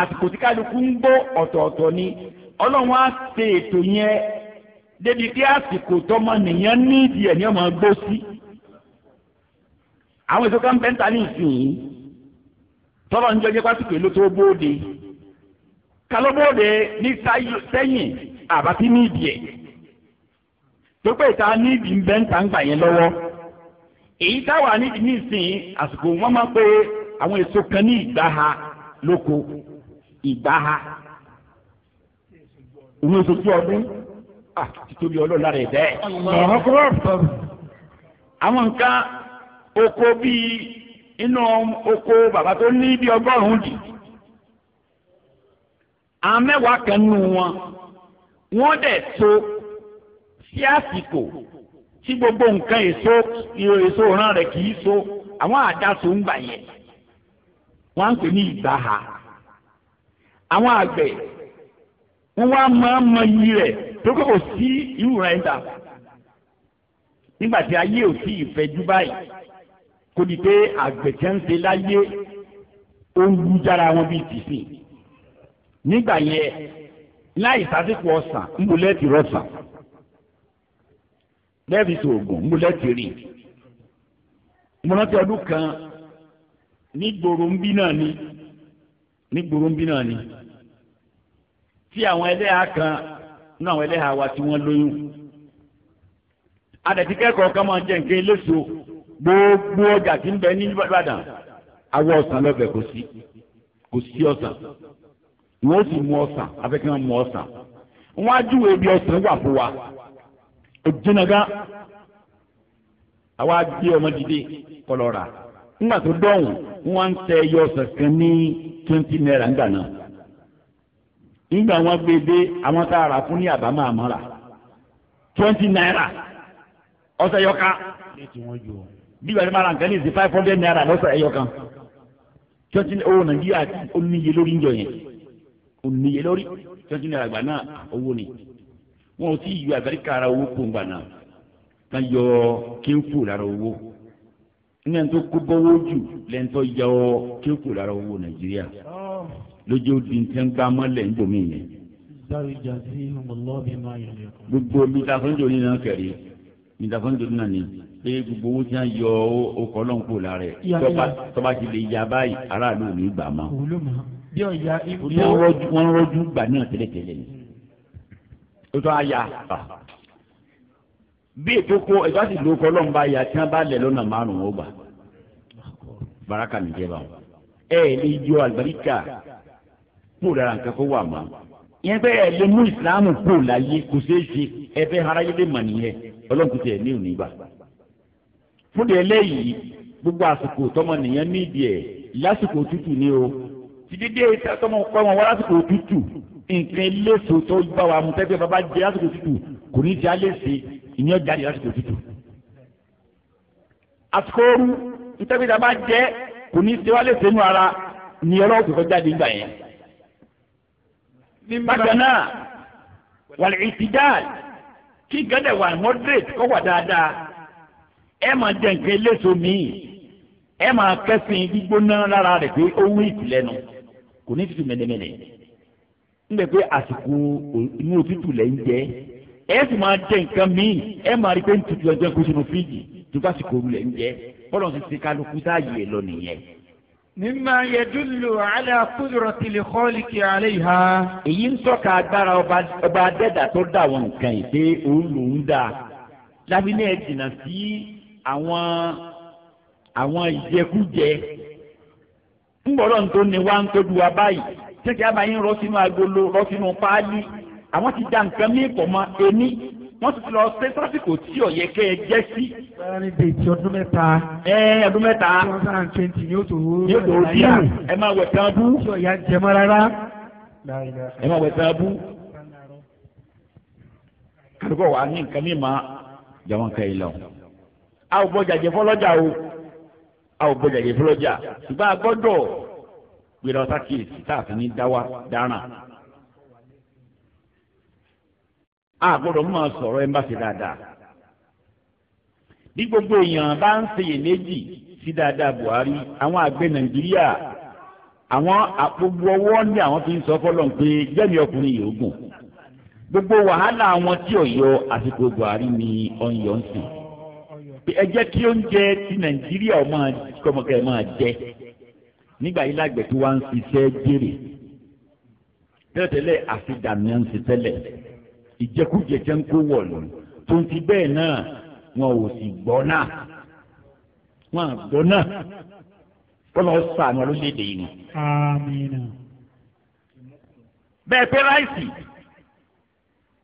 àsìkò tí kálukú ń gbó ọ̀tọ̀ọ̀tọ̀ ni ọlọ́run á ṣe ètò yẹn débi pé àsìkò tọmọ nìyẹn ní ìdí ẹ̀ ní ọmọ gbó sí. àwọn èso kan bẹ́ńtà ní ìsìn tọ́lọ̀ ń jọjẹ́ pásítọ̀ èlò tó bóde kálọ́bóde ní sẹ́yìn àbátí ní ìdí ẹ̀ tó pé ìta ní ìdí ń bẹ́ńtà ń gbà yẹn lọ́wọ́ èyí táwa nídìí nísìnyí àsìkò wọn máa pé àwọn èso kan ní ìgbáha lóko ìgbáha òun èso tí ọdún títóbi ọlọ́ọ̀lá rẹ̀ bẹ́ẹ̀. àwọn nǹkan oko bíi inú oko bàbá tó ní bíi ọgọ́rùn-ún dì àwọn mẹ́wàá kan nù wọn wọ́n dẹ̀ tó sí àsìkò tí gbogbo nǹkan èso èso ìran rẹ̀ kì í so àwọn àdáso ń gbà yẹn wọ́n á ń pè ní ìgbàhà àwọn àgbẹ̀ wọ́n wá máa mọ iyì rẹ̀ tó kọ́ kò sí irú rẹ̀ ń ta nígbà tí ayé ò sí ìfẹ́jú báyìí kò ní pé àgbẹ̀ tí ń ṣe láyé ó ń lu jára wọn bíi tìsín nígbà yẹn láì sásìkò ọ̀sán ń bolẹ́ ti rọ̀sán. lẹ́ẹ̀fi oògùn ń gbọ́dọ̀ ti mo rántí ọdún kan nígboro ń bí náà ni nígboro ń bí náà ni tí àwọn kan n'awọn àwọn ẹlẹ́hà wa tí wọ́n lóyún adẹ̀tí kẹ́kọ̀ọ́ kan máa ń jẹ́ gbogbo ọjà tí ń bẹ ní awọ ọsàn lọ́bẹ̀ kò sí kò sí wọ́n sì mú afẹ́kẹ́ wọn mú wọ́n ó jìnnà gá àwa gbé ọmọ dìde kọlọ́ra nígbà tó dọ̀hùn wọ́n tẹ ẹyọ ọ̀sẹ̀ ní twenty naira ńgbà náà nígbà wọn gbé dé àwọn tá a rà fún ní àbámọ́ àmọ́ra twenty naira ọ̀sẹ̀ yọka bí wàá máa ra nǹkan ní ìsìn five hundred naira lọ́sẹ̀ ẹ̀yọ kan twenty owó nàìjíríà ó níye lórí ń jọ yẹn ó twenty naira gbà náà owó ni wọn ò tí ì yọ àgbàríkà ara owó kó ngbà náà kan yọ kéńkù lára owó ní ẹni tó kó bọ́wọ́ jù lẹ́ni tó yọ kéńkù lára owó nàìjíríà lójú di ní sẹ́ńgbà mọ́lẹ̀ níbòmí yẹn. gbogbo mi ta fún jòlí náà kẹ̀rí mi ta fún jòlí náà ni pé gbogbo owó tí wọ́n yọ ọkọ̀ ọlọ́nkò lára ẹ̀ tọ́ba ti lè ya báyìí aráàlú ò ní gbà mọ́. wọ́n rọ́jú gbà náà tẹ́lẹ̀tẹ́lẹ̀ ni tó tó àyà bí ètò kó ètò àti ìlú kọ́ lọ́nba àyà tí wọ́n bá lẹ̀ lọ́nà márùn-ún ó gbà baraka mi jẹba wọn ẹ ẹ lè yọ àlùbáríkà kó rárá nǹkan kó wà mọ́ yẹn bẹ́ẹ̀ ẹ lè mú ìsìláàmù kó láyé kò ṣeé ṣe ẹ fẹ́ aráyé lè mọ̀ nìyẹn ọlọ́run tẹ̀ ní òní gbà fúnde eléyìí gbogbo àsìkò tọmọnìyàn nídìí ẹ lásìkò tútù ni o ti dídé tọmọ kọ́ wọn wá lásìkò tútù nǹkan eléso tó bá wa mu tẹ́tẹ́ bàbá jẹ lásìkò tútù kò ní ti alése ìyẹn jáde lásìkò tútù. àsìkò ooru ntẹ́tẹ́ bàbá jẹ kò ní ti alése nù ara ni ọlọ́wọ́ kò jáde gbà yẹn. bákan náà wàlẹ̀ ìtìjáàl kí gẹ́dẹ̀ wà moderate kọ́ wà dáadáa ẹ máa jẹ nǹkan eléso míì ẹ máa kẹ́sìn gbígbóná lára rẹ̀ pé ó wí ìtìlẹ́nu kò ní tutù mẹ́lẹ́mẹ́lẹ́ ń bẹ pé àsìkò inú òtútù lẹ̀ ń jẹ́ ẹ sì máa jẹ nǹkan míì ẹ máa rí pé ń tutù ọjọ́ kó sínú fíjì tó bá àsìkò òru lẹ̀ ń jẹ́ bọ́lá ti ṣe kálukú sáàyè ẹ lọ nìyẹn. mímọ yẹdúlù alẹ́ akúdùrọ̀ tìlẹ̀ kọ́ọ̀lì kí alẹ́ yìí ha. èyí ń tọ́ka agbára ọba adẹ́dà tó dà wọn nǹkan yìí pé òun lòún dà lábínẹ́ ẹ̀ jìnnà sí àwọn àwọn ìjẹkújẹ ńgbọ́dọ̀ tó ni wá ń tójú ṣéèkì abayin rọ sínú agolo rọ sínú páálí àwọn ti da nǹkan mí pọ̀ mọ́ ení wọ́n ti lọ sí sásìkò tí ọ̀yẹ́ kẹ́ ẹ jẹ́ sí. bẹ́ẹ̀ni dèjì ọdún mẹ́ta. ẹ ọdún mẹ́ta. two thousand twenty ni ó tó wó. ni ó tó wó bí ẹ máa wẹ̀ tán bú. tí ọ̀yà jẹ mọ́ rárá. ẹ máa wẹ̀ tán bú. kálukọ wà ní nǹkan mi máa jẹun kẹ́ ẹ lọ. a ò gbọ́dọ̀ jẹ fọlọ́jà o a ò gbọ́dọ̀ jẹ fọlọ́jà ṣùgbọ́n a pèrè ọtá kìí tá a fi ní dáwà dáràn. a gbọ́dọ̀ máa sọ̀rọ̀ ẹ̀ ń bá ṣe dáadáa. bí gbogbo èèyàn bá ń ṣèyèméjì sí dáadáa Buhari àwọn àgbẹ̀ Nàìjíríà àwọn àpògbò ọwọ́ ní àwọn fi ń sọ fọlọ́n pé jẹ́mi ọkùnrin yìí ogun gbogbo wàhálà àwọn tí ọ̀yọ́ àsìkò Buhari ni ọ̀yọ́ ń sìn ẹ jẹ́ kí oúnjẹ ti Nàìjíríà ọmọ kọ́mọkẹ́ máa jẹ nígbà yìí lágbẹ̀ tí wọ́n ń ṣiṣẹ́ jèrè tẹ́lẹ̀tẹ́lẹ̀ àfidàmì ń ṣe tẹ́lẹ̀ ìjẹkújẹ tẹ́ ń kó wọ̀lú tó ń ti bẹ́ẹ̀ náà wọn ò sì gbọ́ náà wọn à gbọ́ náà kọ́nà ó sànù orílẹ̀-èdè yìí ni. bẹ́ẹ̀ pé ráìsì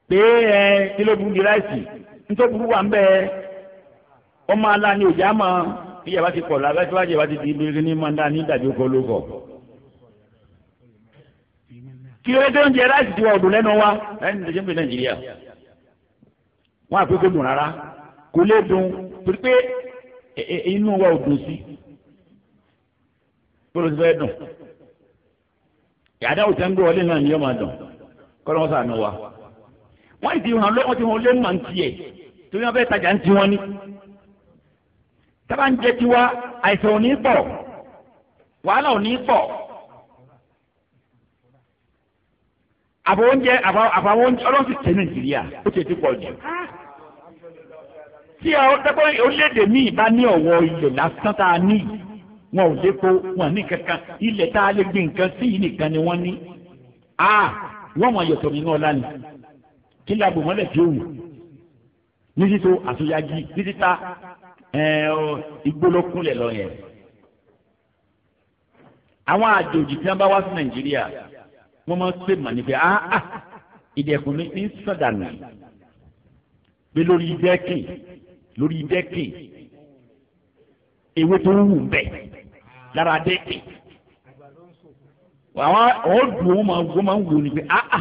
pé ẹ kí ló burú di ráìsì nítorí burú wà ń bẹ́ẹ̀ ọmọ aláni òjá máa bí yàrá ti kọ̀ lábẹ́ tí wàá jẹ́ bá ti di ibi ní mọ́ndá ní ìdàbí oko kí ló dé oúnjẹ láìsí ti wọ ọdún lẹ́nu wa ẹni tó ṣe ń pè nàìjíríà wọn àpé kó dùn rárá kó lè dùn torí pé e, e, inú wa ò dùn sí kó ló ti fẹ́ dùn yàrá òtẹ́ ń gbé wọlé náà ni yóò máa dùn kọ́ lọ́wọ́ sànù wa wọ́n ti hàn lọ́wọ́ ti hàn lé màá ń tiẹ̀ torí wọn fẹ́ tajà ń ti wọn ní tábà ń jẹ tiwa àìsàn ò ní pọ̀ wàhálà ò ní pọ̀ àbọ̀ oúnjẹ àbọ̀ oúnjẹ ọlọ́run ti tẹ̀ nàìjíríà ó ti ti pọ̀ jù. tí ọ̀dẹ́gbọ́n orílẹ̀-èdè míì bá ní ọ̀wọ́ ilẹ̀ lásán tá a ní wọn ò lépo wọn ní kankan ilẹ̀ tá a lè gbé nǹkan sí yìí nìkan ni wọ́n ní. a wọ́n mọ ayọ̀tọ̀ mi náà lánàá kí lágbo mọ́lẹ̀ tí ó wù ní títò àtúnyájí ní títa ìgbólókúnlẹ̀ lọ yẹn. àwọn àjòjì tí wọ́n bá wá sí nàìjíríà wọ́n máa ń pè mà nífẹ̀ẹ́ áá ah, ah, ìdẹ̀kùn ní ní sọ̀dànù pé lórí dẹ́kì lórí dẹ́kì ewé tó wù bẹ́ẹ̀ lára dẹ́kì àwọn ọ̀dùn wọn máa ń wò ní pé áá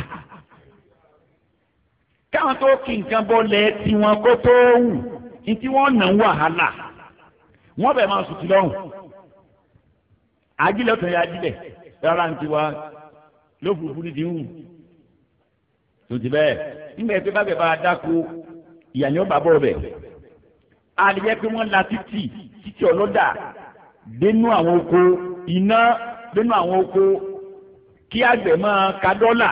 káwọn tó kí nǹkan bọ́ lẹ́ẹ̀ tí wọn kó tó wù ntí wọ́n nà ń wàhálà wọ́n bẹ̀ máa sùtì lọ́rùn ajílẹ̀ tó yẹ ajílẹ̀ rárá ntí wa lófurufú ni ti ń wù tòtí bẹ́ẹ̀ nígbà yẹn pé bá bẹ̀ bá dáko ìyàní ọba bọ̀ bẹ̀ pé wọ́n la títì títì ọlọ́dà dénú àwọn oko iná dénú àwọn oko kí àgbẹ̀ máa ka dọ́là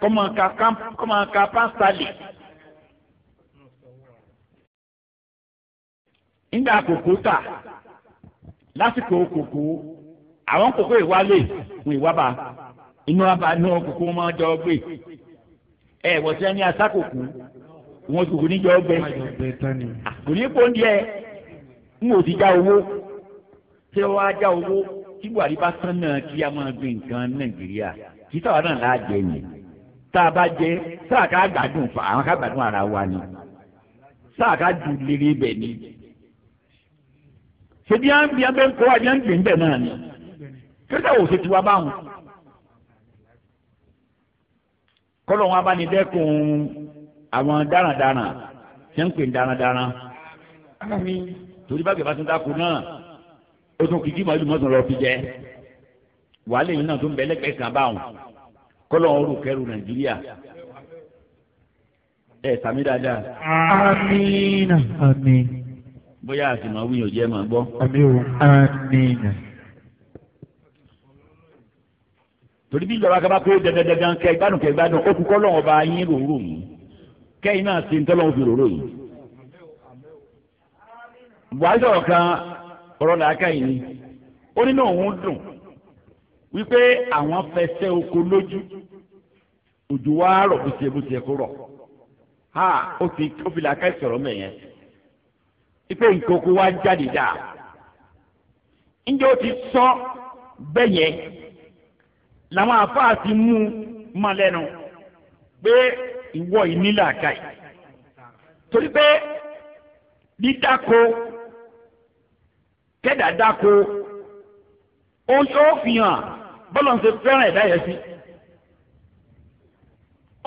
kọ́ máa ka pásítálì. nígbà kòkó tà lásìkò kòkó àwọn kòkó ìwálé fún ìwábà inú abà inú kòkó máa jọ gbé ẹ wọ́n ti ẹni asákòkó wọn kòkó níjọ gbẹ kò ní kó ń díẹ̀ ń wò ti já owó tí wọ́n á já owó tí Buhari bá tán náà kí a máa gbé nǹkan Nàìjíríà kí táwa náà láàjẹ nìyí tá a bá jẹ sáà ká gbádùn àwọn ká gbádùn ara wa ni sáà ká ju lérè bẹ ni ṣe bí wọ́n bí wọ́n bẹ́ ń kó àbí wọ́n ń gbé ń bẹ̀ náà ni kírísítà wò ṣe ti wá báwọn. kọ́lọ̀ wọn abánidẹ́kùn àwọn darandaran ṣe ń pè ń darandaran torí bá gbẹ̀bá tó ń dáko náà ó tún kìkì màálù mọ́tò lọ́ọ́ fi jẹ́ wàhálà yìí náà tó ń bẹ lẹ́gbẹ̀ẹ́ kan báwọn kọ́lọ̀ wọn olùkẹ́rù nàìjíríà ẹ̀ sàmì dáadáa. amiina. amiina bóyá àtìmọ̀ wíyàn ò jẹ́ máa gbọ́. àmì ò àmín. torí bí ìjọba kaba pé dandandandan kẹ gbádùn kẹ gbádùn ó kú kọ́ lọ́wọ́ bá yín ròrò mú kẹ́yìn náà ṣe ń tọ́lọ́wọ́ fi ròrò yìí. buhari sọ̀rọ̀ kan ọ̀rọ̀ làákàyè ni ó nínú òun dùn wípé àwọn fẹsẹ̀ oko lójú òjò wa rọ̀ bó ṣe kó rọ̀ ha ó fi ó fi làákàyè sọ̀rọ̀ mẹ́yẹn ipe ìkókó wa jáde dáa ǹjẹ́ o ti sọ bẹ́ẹ̀ yẹn làwọn àfáà ti mú ma lẹ́nu pé ìwọ ìnílà ká yìí torí pé dídáko kẹ́dàdáko ó yóò fi hàn bọ́lọ̀ ń ṣe yẹn sí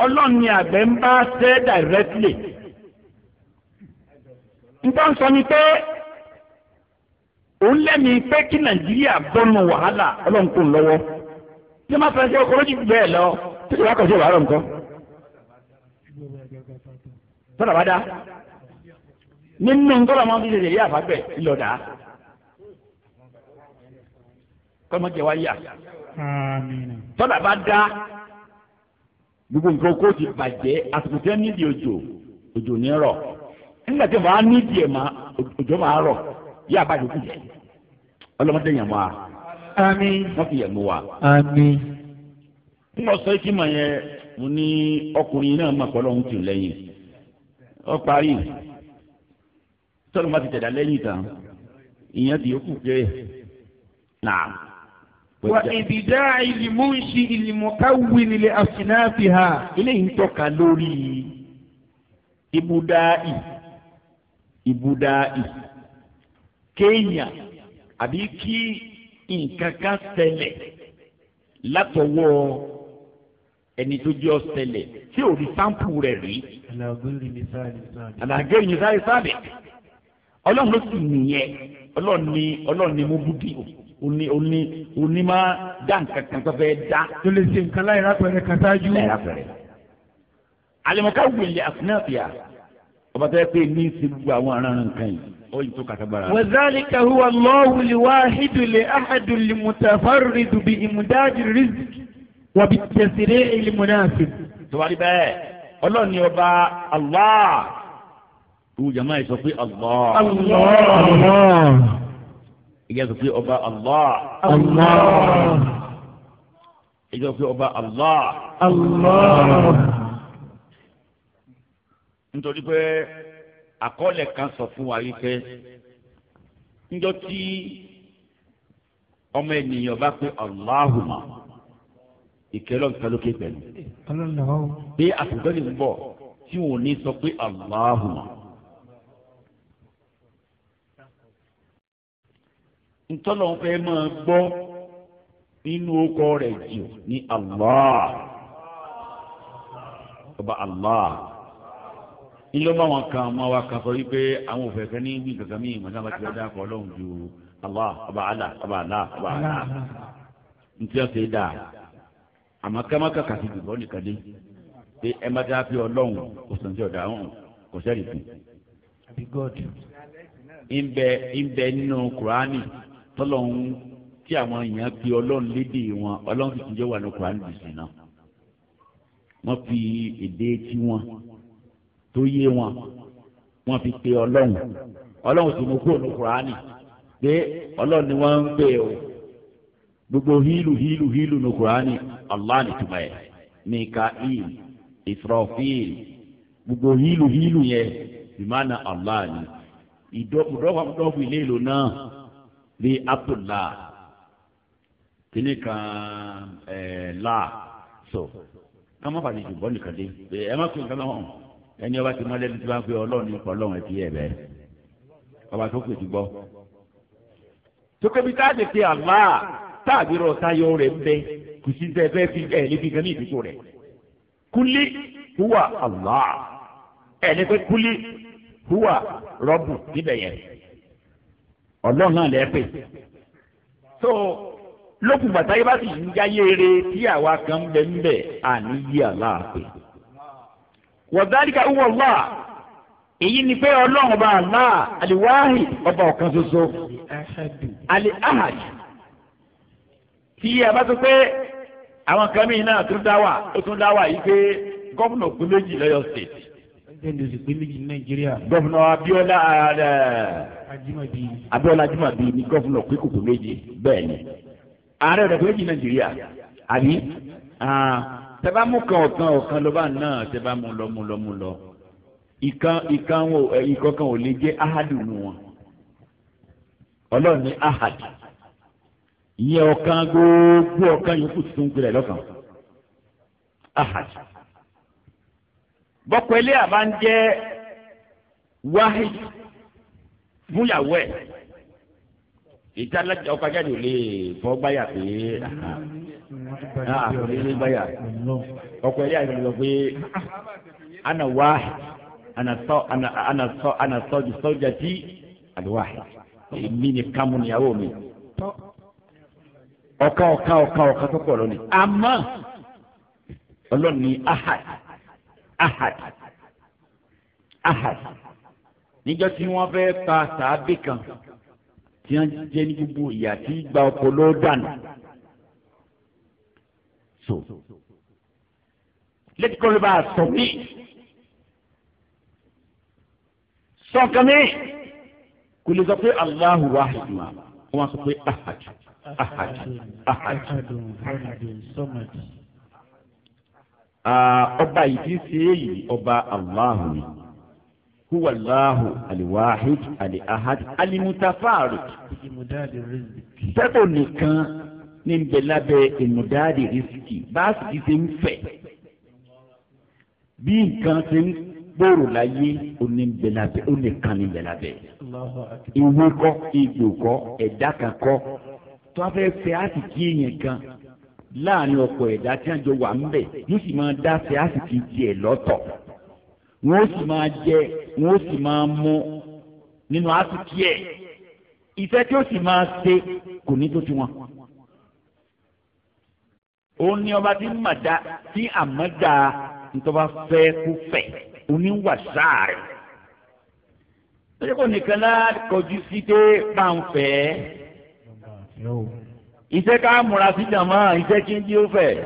ọlọ́run àgbẹ̀ ń bá ṣẹ́ directly nígbà ń sọ ni pé òun lẹ́mi pé kí nàìjíríà bọ́nu wàhálà ọlọ́nkùn lọ́wọ́ tí wọ́n fẹ́ ṣe ọkọ̀rọ̀jì bẹ́ẹ̀ lọ tí ìwà kọ̀ ṣe wàhálà nǹkan. tọ́lá bá dá nínú tọ́lá máa ń fi ṣe ìyá àfàgbẹ́ ìlọ̀dà kọ́mọ́jẹ wa yà tọ́lá bá dá gbogbo nǹkan kó bàjẹ́ àsìkò nídìí òjò òjò ní rọ̀ nígbà tí màá ní ìdí ẹ̀ máa òjò máa rọ̀ yí àbájọ kù jẹ́ ọlọ́mọdé yẹn mọ́ a. àmín. wọ́n fi yẹn mú wa. àmín. n lọ sọ kí mà yẹn mo ní ọkùnrin náà mà kọ́ lọ́hún tì lẹ́yìn ọ parí sọ́dọ̀ má ti tẹ̀dá lẹ́yìn tán ìyẹn ti yókù jẹ́ náà. wà ìdìjà ìlìmú ń ṣe ìlìmú káwí nílé àfìnáfìhà. eléyìí ń tọ́ka lórí ibùdá ì. Ibudai Kenya àbí kí nǹkan kan ṣẹlẹ̀ látọwọ́ ẹni tó jẹ́ ọ̀sẹ̀lẹ̀ tí ò rí sáǹpù rẹ̀ rí. àlàgé ni sáré sábẹ̀ ọlọ́run ló sì nìyẹn ọlọ́run ni ọlọ́run ni mo búdì òní òní òní máa dá nǹkan kan tó fẹ́ dá. tó lè ṣe nǹkan láì rápẹ̀rẹ̀ kan ṣáájú. láì rápẹ̀rẹ̀. àlẹ́mọ̀ká wèlé àfúnáfíà ọba tó yẹ pé ní í ṣe gbogbo àwọn aráàlú nǹkan yìí ó yìí tó kàtàgbára. wazalika huwa Allahu liwahidu li ahadu limutafarridu bi imudadi rizq wa bi tẹsirẹ ilimunafik. tọ́wárí bẹ́ẹ̀ ọlọ́ọ̀ni ọba allah ìwú jama yìí sọ pé allah. allah. ìyá sọ pé ọba allah. allah. ìyá sọ pé ọba allah. allah nítorí pé àkọọ́lẹ̀ kan sọ fún wa yìí pé níjọ́ tí ọmọ ènìyàn bá pé Allahumma ìkẹlẹ́ ọ̀gbìn lókè pẹ̀lú. pé àtúntò lè ń bọ̀ tí wọn ò ní sọ pé Allahumma. ntọ́lọ̀ ń fẹ́ máa gbọ́ nínú ọkọ rẹ̀ jù ní Allah ọba Allah ilé ọmọ wọn kan ọmọ wa kan sọ wípé àwọn òfẹ̀fẹ́ ní wí kankan mí ìmọ̀ náà bá ti dáadáa kọ́ ọlọ́run ju Allah ọba àlà ọba àlà ọba àlà ntí ọ̀ ṣe dáa àmọ́ kẹ́mọ́kà kàti dùbọ́ nìkan dé pé ẹ má dáa pé ọlọ́run kò sàn sí ọ̀dà ọ̀hún kò sẹ́rì fún. ìbẹ ìbẹ nínú kùránì tọ́lọ́hún tí àwọn èèyàn pe ọlọ́run lédè wọn ọlọ́run tuntun jẹ́ wà ní kùránì tó yé wọn wọn fi pe ọlọ́run ọlọ́run sì mú kúrò ní kùránì pé ọlọ́run ni wọ́n ń pè o gbogbo hílù hílù hílù ní kùránì allah nìtúmọ̀ ẹ̀ mikael israfil gbogbo hílù hílù yẹn ìmánà allah ni ìdọ́kùdọ́kùdọ́kù ilé ìlú náà lè abdullah kìnnì kan ẹ̀ eh, la so ká má bàa lè jù bọ́ nìkan dé ẹ má pè nǹkan náà hàn ẹni ọba ti mọ́lẹ́bí tí wọ́n fi ọlọ́run ní ọkọ̀ ọlọ́run ẹ̀fí ẹ̀ bẹ́ẹ̀ ọba tó kù ti gbọ́. tókèbí táàdì pé àlá táàbí rọ táyọ rẹ̀ ń bẹ kò sí sẹ́ fẹ́ fi ẹ̀ níbi kan ní ìdíkù rẹ̀ kúlí húwà àlá ẹ̀ ní pé kúlí húwà rọ́bù níbẹ̀ yẹn ọlọ́run náà lẹ́ẹ̀ pè. so lókùn bàtà yìí bá sì ń jáyé eré tí àwa kan ń bẹ ń bẹ àníyí àlá àpè. wọ̀dálíkà uwọ̀ lọ́ èyí ni pé ọlọ́run bá àlá àlìwáhì ọba ọ̀kan ṣoṣo àlì ahad tí a bá tó pé àwọn kan mí náà tún dá wà ó tún dá wà yìí pé méjì state. gómìnà Abíọ́lá Abíọ́lá Ajímọ̀bí ni gómìnà kú kùkù méjì bẹ́ẹ̀ ni ààrẹ Nàìjíríà àbí. tẹ́bá mú kan ọ̀kan ọ̀kan ló bá náà tẹ́bá mú lọ mú lọ mú lọ ìkan ìkan wọn ìkan kan ò lè jẹ́ ahadu nu wọn ọlọ́run ní ahad ìyẹn ọ̀kan gbogbo ọ̀kan yòókù tuntun gbìlẹ̀ lọ́kàn ahad bọ́pẹ́lẹ́ àbá ń jẹ́ wáhid fúnyàwó ẹ̀ ìjà alájà ọkọ ajáde ò lè fọ́ gbáyà pé ah, ah, kò lè lè gbáyà ọkọ ẹ̀yà yìí lọ pé ana wá ana sọ ana sọ ana sọ ju sọjà tí àdúrà èmi ni kámú níyàwó mi ọ̀ka ọ̀ka ọ̀ka ọ̀ka tó pọ̀ lónìí àmọ́ ọlọ́ni ahad ahad ahad níjọ́ tí wọ́n fẹ́ pa sàábì kan tí wọ́n jẹ́ ní gbogbo ìyà tí gba ọpọlọ dànù. so lẹ́tìkọ́ ló bá a sọ mí sọ̀kan mi kò lè sọ pé Allahu wahid ma wọ́n sọ pé ahad ahad ahad ah, ọba yìí ti ṣe é yìí ọba Allahu ni huwa allahu aliwahid aliahad alimutafarid sẹ́kọ̀ nìkan ní ń bẹ lábẹ́ ìmúdáàdì rìsíkì báàsì ti ń fẹ̀ bí nǹkan ti ń gbòòrò láyé oníbẹ̀lábẹ́ onìkan níbẹ̀lábẹ́ ìwé kọ́ ìgbò kọ́ ẹ̀dá kan kọ́ tó a fẹ́ fẹ́ á sì kí èèyàn kan láàrin ọ̀pọ̀ ẹ̀dá tí wọ́n jọ wà ń bẹ̀ yóò sì máa dá fẹ́ á sì kí tiẹ̀ lọ́tọ̀ wọ́n ó sì máa jẹ wọ́n ó sì máa mú nínú àtúntì ẹ̀ ìfẹ́ tí ó sì máa ṣe kò ní tó ti wọn. òun ni ọba tí màdá tí àmọ́dá ntọ́ba fẹ́ kó fẹ́ oníwàsáà rẹ̀ lójú kò nìkan náà kọjú sí pé bá ń ká múra sí jàmọ́ iṣẹ́ kí n jí ó fẹ́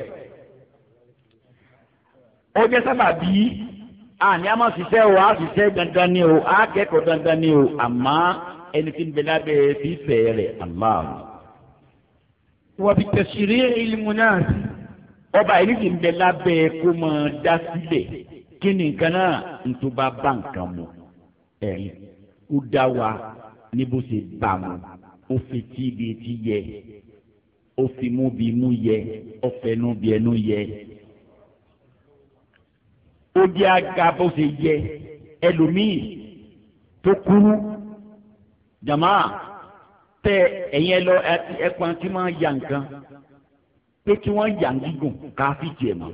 ó jẹ́ sábàbí àní àmọ́ ṣiṣẹ́ o a ṣiṣẹ́ dandan ni o a kẹ́kọ̀ọ́ dandan ni o àmọ́ ẹni tí ń bẹ lábẹ́ fífẹ́ rẹ̀ Allah. wàbí tẹ̀sírí ìlú náà. ọba yìí ti ń bẹ lábẹ́ kó máa dá sílẹ̀ kí ni nǹkan náà ń tó bá bá nǹkan mu ẹ̀rín ó dá wa ní ṣe bá mu ó fi tí ibi tí yẹ ó fi mú bí mú yẹ ó fẹnu bí ẹnu yẹ ó di aga bó ṣe yẹ ẹlòmíì tó kúrú jàmá tẹ ẹ̀yin ẹ lọ ẹpọn tí wọ́n ya nǹkan pé kí wọ́n yà ń gígùn ká fi tiẹ̀ mọ́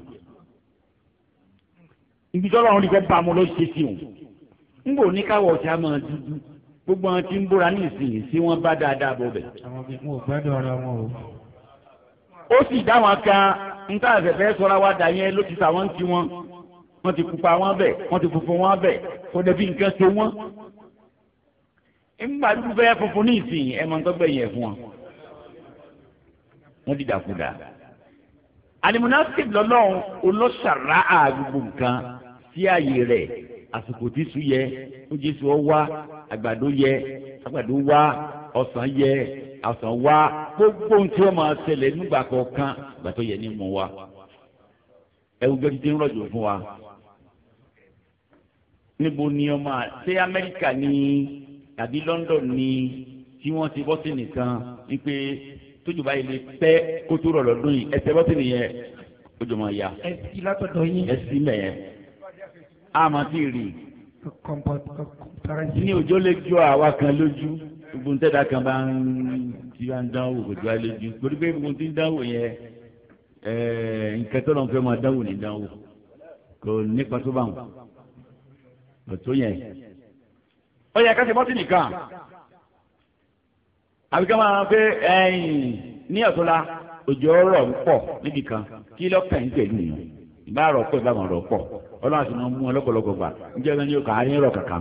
ibi tí ọlọ́run nífẹ̀ẹ́ bá mu ló ṣe sí òun ń bò ní káwọ̀ ọ̀sẹ̀ àmọ́ dúdú gbogbo àwọn tí ń búra ní ìsìn sí wọn bá dáadáa bọ̀ bẹ̀. ó sì dá wọn kan ń tá àfẹ́fẹ́ sọra wa dà yẹn ló ti sàwọn ti wọn wọ́n ti pupa wọn bẹ̀ wọ́n ti funfun wọn bẹ̀ kó dẹbi nǹkan ṣe wọ́n. nígbà tí fẹ́ funfun ní ìsìn ẹ̀ máa ń tọ́gbẹ̀ yẹn fún wọn. wọ́n ti dàkúdà. alimunasib lọ́lọ́run olóṣàrá àgbègbè nǹkan sí ààyè rẹ̀ àsìkò tí sùn yẹ ó jésù ọ wá àgbàdo yẹ àgbàdo wá ọsàn yẹ ọsàn wá gbogbo ohun tí wọ́n máa ṣẹlẹ̀ nígbà kọ̀ọ̀kan ìgbà tó yẹ ní mọ wa ẹwùjọ ti ti ń rọ̀jò fún wa níbo ni ọmọ ṣé amẹ́ríkà ni tàbí london ni tí wọ́n ti bọ́ sí nìkan wípé tójú báyìí lè pẹ́ kó tó rọ̀ lọ́dún yìí ẹsẹ̀ bọ́ sí nìyẹn ó jọ máa ya. ẹsì látọ̀dọ̀ yín. ẹsì mẹ́yẹn. a máa ti rì. ní òjò lè jọ àwa kan lójú gbogbo ntẹ́dá kan bá ń tí wọ́n ń dánwò kò jọ àwa lójú torí pé gbogbo tí ń dánwò yẹn nǹkan tó lọ́n fẹ́ máa dánwò ní dánwò kò nípa tó bá wọn. ọ̀tún yẹn ó yẹ ká ṣe bọ́tì nìkan àbí ká máa pé ẹ̀yìn ní ọ̀túnla òjò ọ̀rọ̀ ń pọ̀ níbi kan kí lọ́kàn ń pẹ̀lú yìí ìbá rọ̀ pọ̀ ìbá rọ̀ pọ̀ ọlọ́run àti gbà níjẹ́ kà á ní rọ̀ kàkà.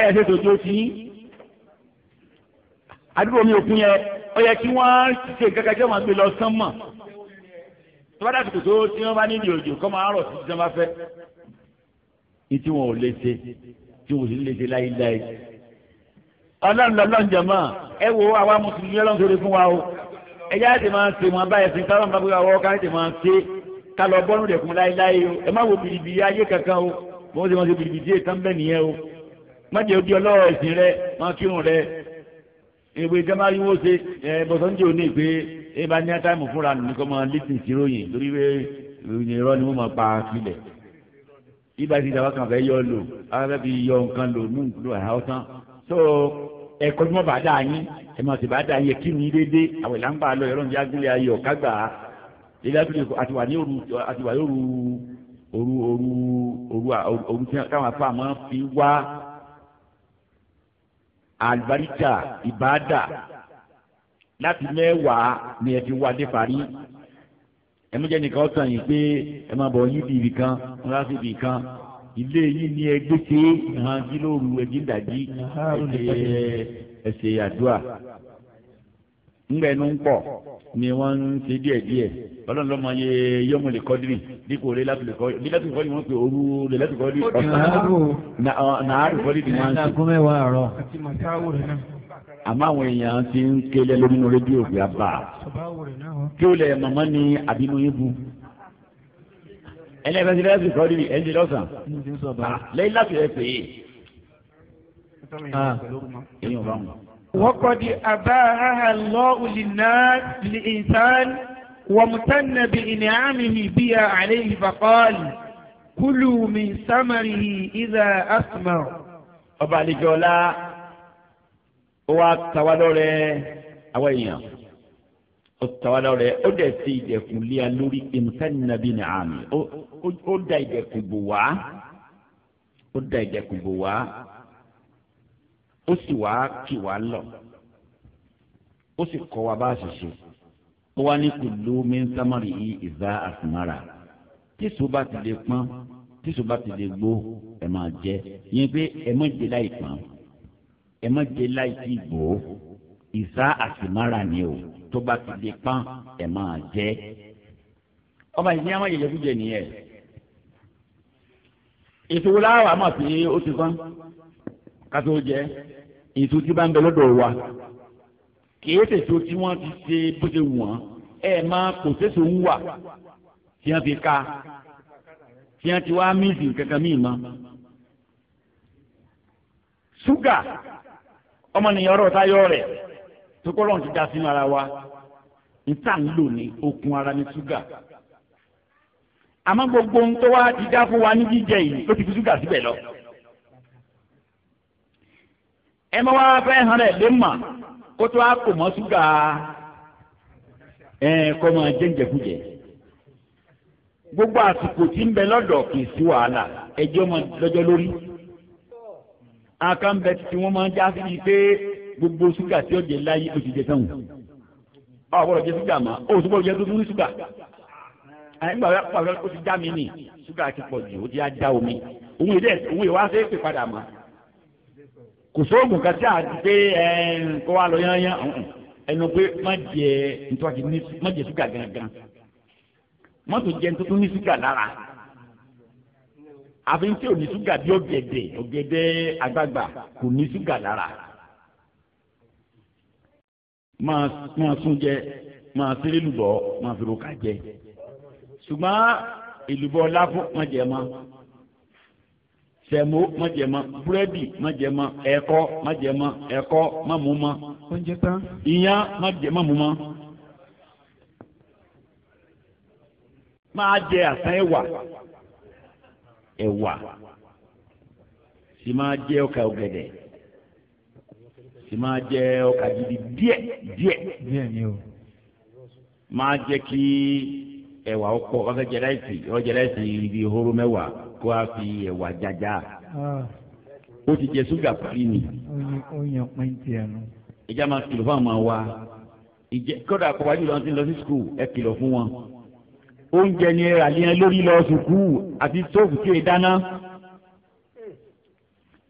ẹ ẹ àdúgbò mi tó bá dàtí kòtò tí wọ́n bá nídìí òjò kọ́ máa rọ̀ títí wọ́n bá fẹ́ ní tí wọn ò lè ṣe tí wọn ò sì lè ṣe láéláé. ọlọ́run lọ́lọ́run jẹ̀mọ́ ẹ wo àwa mùsùlùmí ọlọ́run sórí fún wa o ẹ̀yà ẹ̀ tẹ̀ máa ń ṣe wọn báyìí fi káwọn bá gbéra wọ́ọ́ káyọ̀ tẹ̀ máa ń ṣe ká lọ bọ́nú rẹ̀ fún láéláé o ẹ má wo bìrìbìrì ayé kankan o bọ́n ṣe wọn ṣe bìrìbìrì díẹ̀ ìwé gẹ́gẹ́ yìí wọ́n ṣe ẹ bọ́sán jẹ́ òní pé ẹ bá ní àtàìmù fúnra nù kọ́ máa létí ìṣiròyìn torí pé ìròyìn irọ́ ni wọ́n máa pa sílẹ̀ ibà ti dàgbà kan fẹ́ yọ lò afẹ́ fi yọ nǹkan lò nù lò àhọ́sán so ẹ̀kọ́ tí wọ́n bá dà yín ẹ̀ máa sì bá dà yín kí ni dédé àwẹ̀ là ń bá a lọ ẹ̀rọ ní agbélé ayọ̀ kágbà ìdájọ́ àtiwà ní òru àtiwà ní òru òru òru òru àlùbáríkà ìbáàdà láti mẹ́wàá ni ẹ fi wá dé parí ẹmújẹ nìkan ọ̀sán yìí pé ẹ máa bọ̀ yín bìbì kan ńlá sí bìbì kan ilé yìí ni ẹgbẹ́ ṣe hàn jí lóru ẹjí ń dàjí ẹsẹ̀ àdúrà ńgbẹnu pọ̀ ni wọ́n ń ṣe díẹ̀ díẹ̀ ọlọ́run lọ́mọ ye yọ́mọ lè kọ́dírì dípò lè láti lè kọ́dírì bí láti kọ́dírì wọ́n pe òru lè láti kọ́dírì ọ̀sán nàárù kọ́dírì ni wọ́n ń ṣe. àmọ́ àwọn èèyàn ti ń kélé lórí inú rédíò pé a bá a kí ó lẹ̀ màmá ni àbínú yín bu ẹlẹ́fẹ̀ẹ́ ti láti kọ́dírì ẹ̀ ń ṣe lọ́sàn-án ah, lẹ́yìn láti ẹ̀ pè é. èèyàn ah. bá wọn. وقد أباها الله للناس للإنسان وامتن بإنعامه بها عليه فقال كلوا من ثمره إذا أثمر ọba àlejò ọlá ó wá tàwa lọ́rẹ̀ àwọn èèyàn ó tàwa lọ́rẹ̀ ó dẹ̀ ti ìdẹ̀kùn lé a lórí ìmùtánì nàbí ní àmì ó da ìdẹ̀kùn bò wá ó da ìdẹ̀kùn bò wá ó sì wá kì wá lọ ó sì kọ́ wa bá a ṣe ṣe ó wá ní kùlú mẹ́ńsámárì yìí ìzá àsùnmára tíṣù bá ti lè pọ́n tíṣù bá ti lè gbó ẹ̀ máa jẹ yẹn pé ẹ má jẹ láì pọ́n ẹ má jẹ láì tí gbó ìzá àsùnmára ni o tó bá ti lè pọ́n ẹ̀ máa jẹ ọba ìdí àwọn ìjẹkújẹ nìyẹn ètò láwàá mọ̀ pé ó ti pọ́n kátó jẹ èso tí bá ń bẹ lọ́dọ̀ wa kìí ṣèso tí wọ́n ti ṣe bó ṣe wù wọ́n ẹ máa kò ṣèso ń wà tí wọ́n fi ka tí wọ́n ti wá míìsì kankan míì mọ́. ṣúgà ọmọnìyàn ọ̀rọ̀ táyọ̀ rẹ̀ tó kọ́ lọ́run ti dá sínú ara wa níta ń lò ní okun ara ní ṣúgà àmọ́ gbogbo ohun tó wá ti dá fún wa ní jíjẹ yìí ló ti fi ṣúgà síbẹ̀ lọ ẹ wa wá fẹ́ hàn rẹ̀ lé mà kó tó a kò mọ́ ṣúgà ẹ kọ́ máa jẹ́njẹ́kújẹ́ gbogbo àsìkò tí ń bẹ lọ́dọ̀ kì í sí wàhálà ẹjọ́ máa lọ́jọ́ lórí àkànbẹ tí wọ́n máa ń já sí i pé gbogbo ṣúgà tí ó jẹ láyé ó ti jẹ sẹ́wọ̀n ọ̀ gbọ́dọ̀ jẹ ṣúgà mọ́ ó sì jẹ tuntun ní ṣúgà àyìnbá wa pàrọ̀ ó ti já mi nì ṣúgà ti pọ̀ jù ó ti á já omi òun yìí wá sí pè padà mọ́ kò sóògùn kan tí a ti pé kó wa lọ yányán ẹnu pé má jẹ ntọ́jú ní má jẹ ṣúgà gangan mọ́tò jẹ ntọ́jú ní ṣúgà lára àfi tí ò ní ṣúgà bí ọ̀gẹ̀dẹ̀ ọ̀gẹ̀dẹ̀ àgbààgbà kò ní ṣúgà lára máa sún jẹ máa sẹ́lẹ̀ lùbọ̀ máa fi ro ká jẹ ṣùgbọ́n ìlúbọ̀ ọlá fún wọn jẹ máa sẹ̀mó májẹ̀mọ́ búrẹ́dì májẹ̀mọ́ ẹ̀kọ́ májẹ̀mọ́ ẹ̀kọ́ mámúmọ́ ìyàn májẹ̀mọ́ múmọ́. máa jẹ àsán ẹ̀wà ẹ̀wà sì máa jẹ ọkà ọ̀gẹ̀dẹ̀ sì máa jẹ ọkà gidi díẹ̀ díẹ̀ máa jẹ kí ẹ̀wà ọ̀pọ̀ ọ̀fẹ́ jẹ láìsí ọ̀jẹ̀ láìsí ibi ìhóró mẹ́wàá kó a fi ẹ̀wà jaja ah. ó ti jẹ ṣúgà parí ni. ìjà máa kìlọ̀ fún àwọn wa kódà kọ́ wájú lọ́n lọ sí skul ẹ kìlọ̀ fún wọn. oúnjẹ ni ẹ̀rà yẹn lórí lọ sùkúù àti stóòfù tí ì dáná.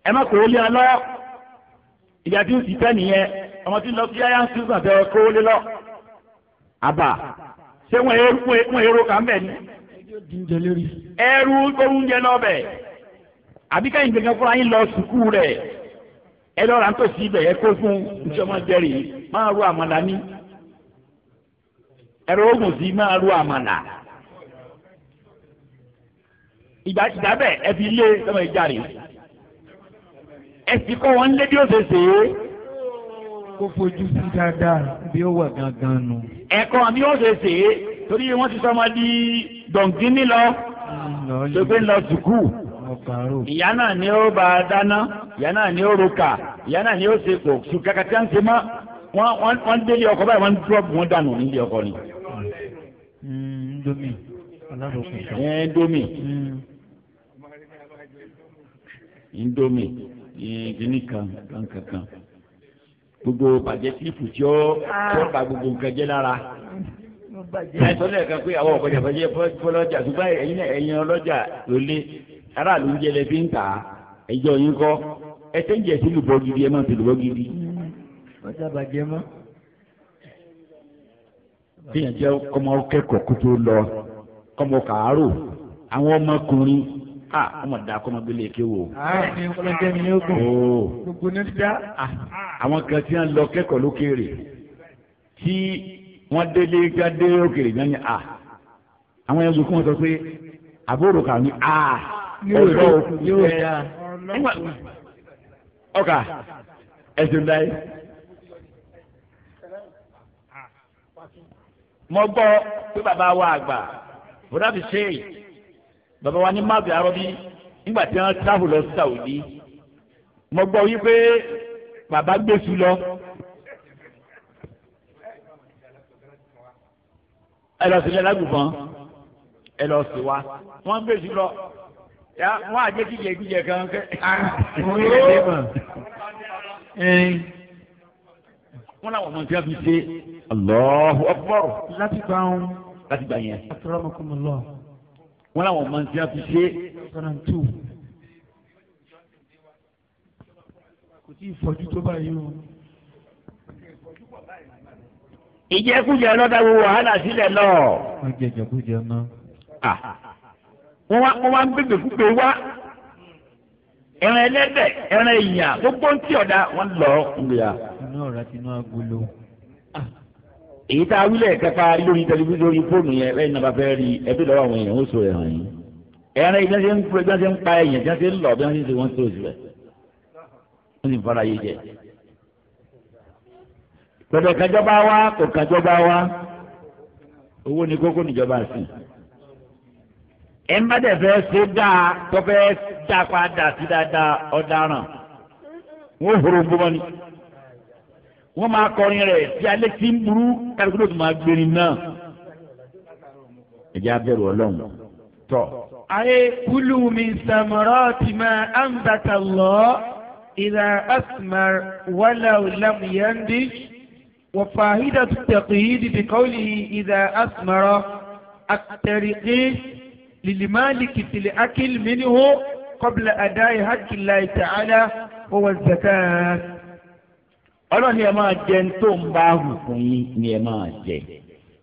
ẹ má kó o lé alọ́ ìjà tí ó sì fẹ́ nìyẹn ọmọ tí lọ sí ayáǹsì gbàgbẹ́ kó o lé lọ. àbà ṣé wọ́n èrò kan bẹ̀ ni. ẹrú oúnjẹ náà bẹ̀ àbí káyìn gbẹ̀ngàn fúnra yín lọ sùkúù rẹ̀ ẹ lọ́ra tó sí ibẹ̀ ẹ kó fún ìjọba jẹ́rì máa ru àmàlà ní ẹ̀rọ oògùn sí máa ru àmàlà ìgbà ìdábẹ̀ ẹ fi lé ọmọ ìjà rè ẹ sì kọ́ wọn lé bí ó ṣe ṣe é kó fojú sí dáadáa bí ó wà gangan nù. ẹ̀kọ́ mi ò ṣe ṣe é torí wọ́n ti sọmọ di dọ̀ngínní lọ tó gbé lọ sùkúù ìyá náà ni ó bá a dáná ìyá náà ni ó roka ìyá náà ni ó ṣe kò sùn kàkàtà ń ṣe mọ́ wọ́n wọ́n délé ọkọ báyìí wọ́n dúrọ́ọ̀bù wọn dànù nílé ọkọ ni. Hmm, ndomi alárokùn. ẹ ndomi ndomi kìnnìkan kankan kan. Eh, hmm. eh, gbogbo pàjẹ́tìfù tí ó ah. bá gbogbo nǹkan jẹ́ lára. àìsàn lẹ́ẹ̀kan pé àwọn ọ̀kọ̀jà bàjẹ́ fọlọ́jà ṣùgbọ́n ẹ̀yin ẹ̀yin ọlọ́jà lólé aráàlú ń jẹlẹ fi ń tà á ẹjọ́ yín kọ́ ẹ tẹ́ ń jẹ sí lùbọ́ gidi ẹ má fi lùbọ́ gidi. ọjà bàjẹ́ mọ́. kéèyàn jẹ́ kọ́mọ kẹ́kọ̀ọ́ kó tó lọ kọ́mọ kàárò àwọn ọmọkùnrin a ọmọ da kọ́ ọmọ gbélé eke wo. ààrẹ ọlọ́jẹ́ mi yóò gùn gbogbo ní dá. àwọn kan tí wọ́n lọ kẹ́kọ̀ọ́ lókèrè tí wọ́n délé gádé òkèrè náà ni a àwọn yẹn gbogbo wọn sọ pé àbúrò kà ní a ọ̀dọ́ òkú ẹ̀ ọkà ẹ̀sìn láyé. mo gbọ́ pé bàbá wa àgbà bùrọ̀dá ṣe é bàbá wa ní máàbì arọ́bí nígbà tí wọ́n travel lọ sí Saudi mo gbọ́ wípé bàbá gbèsù lọ. ẹ lọ sílẹ̀ lágùnfọ́n ẹ lọ sí wa wọ́n gbèsù lọ ya wọ́n àjẹ́ kíjẹ kíjẹ kan kẹ́. wọ́n làwọn ọmọ tí wọ́n fi ṣe. Allahu Akbar. láti gbà wọn. láti gbà yẹn. àtúrọ̀mọkùnmọ́ lọ wọn làwọn ọmọ ti fi ṣe kò tí ì fọjú tó báyìí o. ìjẹkújẹ lọ́dà wo wàhálà sílẹ̀ lọ. wọ́n jẹ ìjẹkújẹ náà. wọ́n wá ń gbègbè púpè wá ẹran ẹlẹ́dẹ̀ ẹran èèyàn gbogbo ń tí ọ̀dà wọ́n lọ. inú ọ̀rá tinú agolo èyí tá a wílẹ̀ kẹta lórí tẹlifíṣàn lórí fóònù yẹn lẹ́yìn náà bá fẹ́ rí ẹbí lọ́wọ́ àwọn èèyàn ó sọ ẹ̀ hàn yín ẹ̀rọ ibi ṣe ń pè bí wọ́n ṣe ń pa ẹ̀yìn bí wọ́n ṣe ń lọ bí wọ́n ṣe ń ṣe wọ́n ṣe oṣù rẹ̀ wọ́n sì ń fara yé jẹ. pẹ̀lú ìkàjọba wa kò kàjọba wa owó ni kókó níjọba sí. ẹ̀ dẹ̀ fẹ́ ṣe dáa tó fẹ́ dáa padà sí dáadáa ọ̀daràn wọ́n horo gbọ́mọ́ wọ́n máa kọrin rẹ̀ tí alẹ́ ti ń burú kálukú ló ti máa gbérin náà. ẹ̀jẹ̀ abẹ́rù ọlọ́run tọ̀. ayé kúlù mi sàmọ̀rọ̀ ti máa àǹbàtà lọ ìlà asmar wàlà òlàmùyàndì wàfàhídà tó tẹ̀kọ̀ yìí dìbì kọ́lì ìlà asmarọ̀ àtẹ̀rìkì lìlìmáàlìkì tìlẹ̀ akíl mìíràn kọ́bìlà àdáyé hákìlá ìtàhálà wọ́wọ́ zakat ọlọ́ni ẹ máa jẹ ní tó ń bá hù fún yín ni ẹ máa jẹ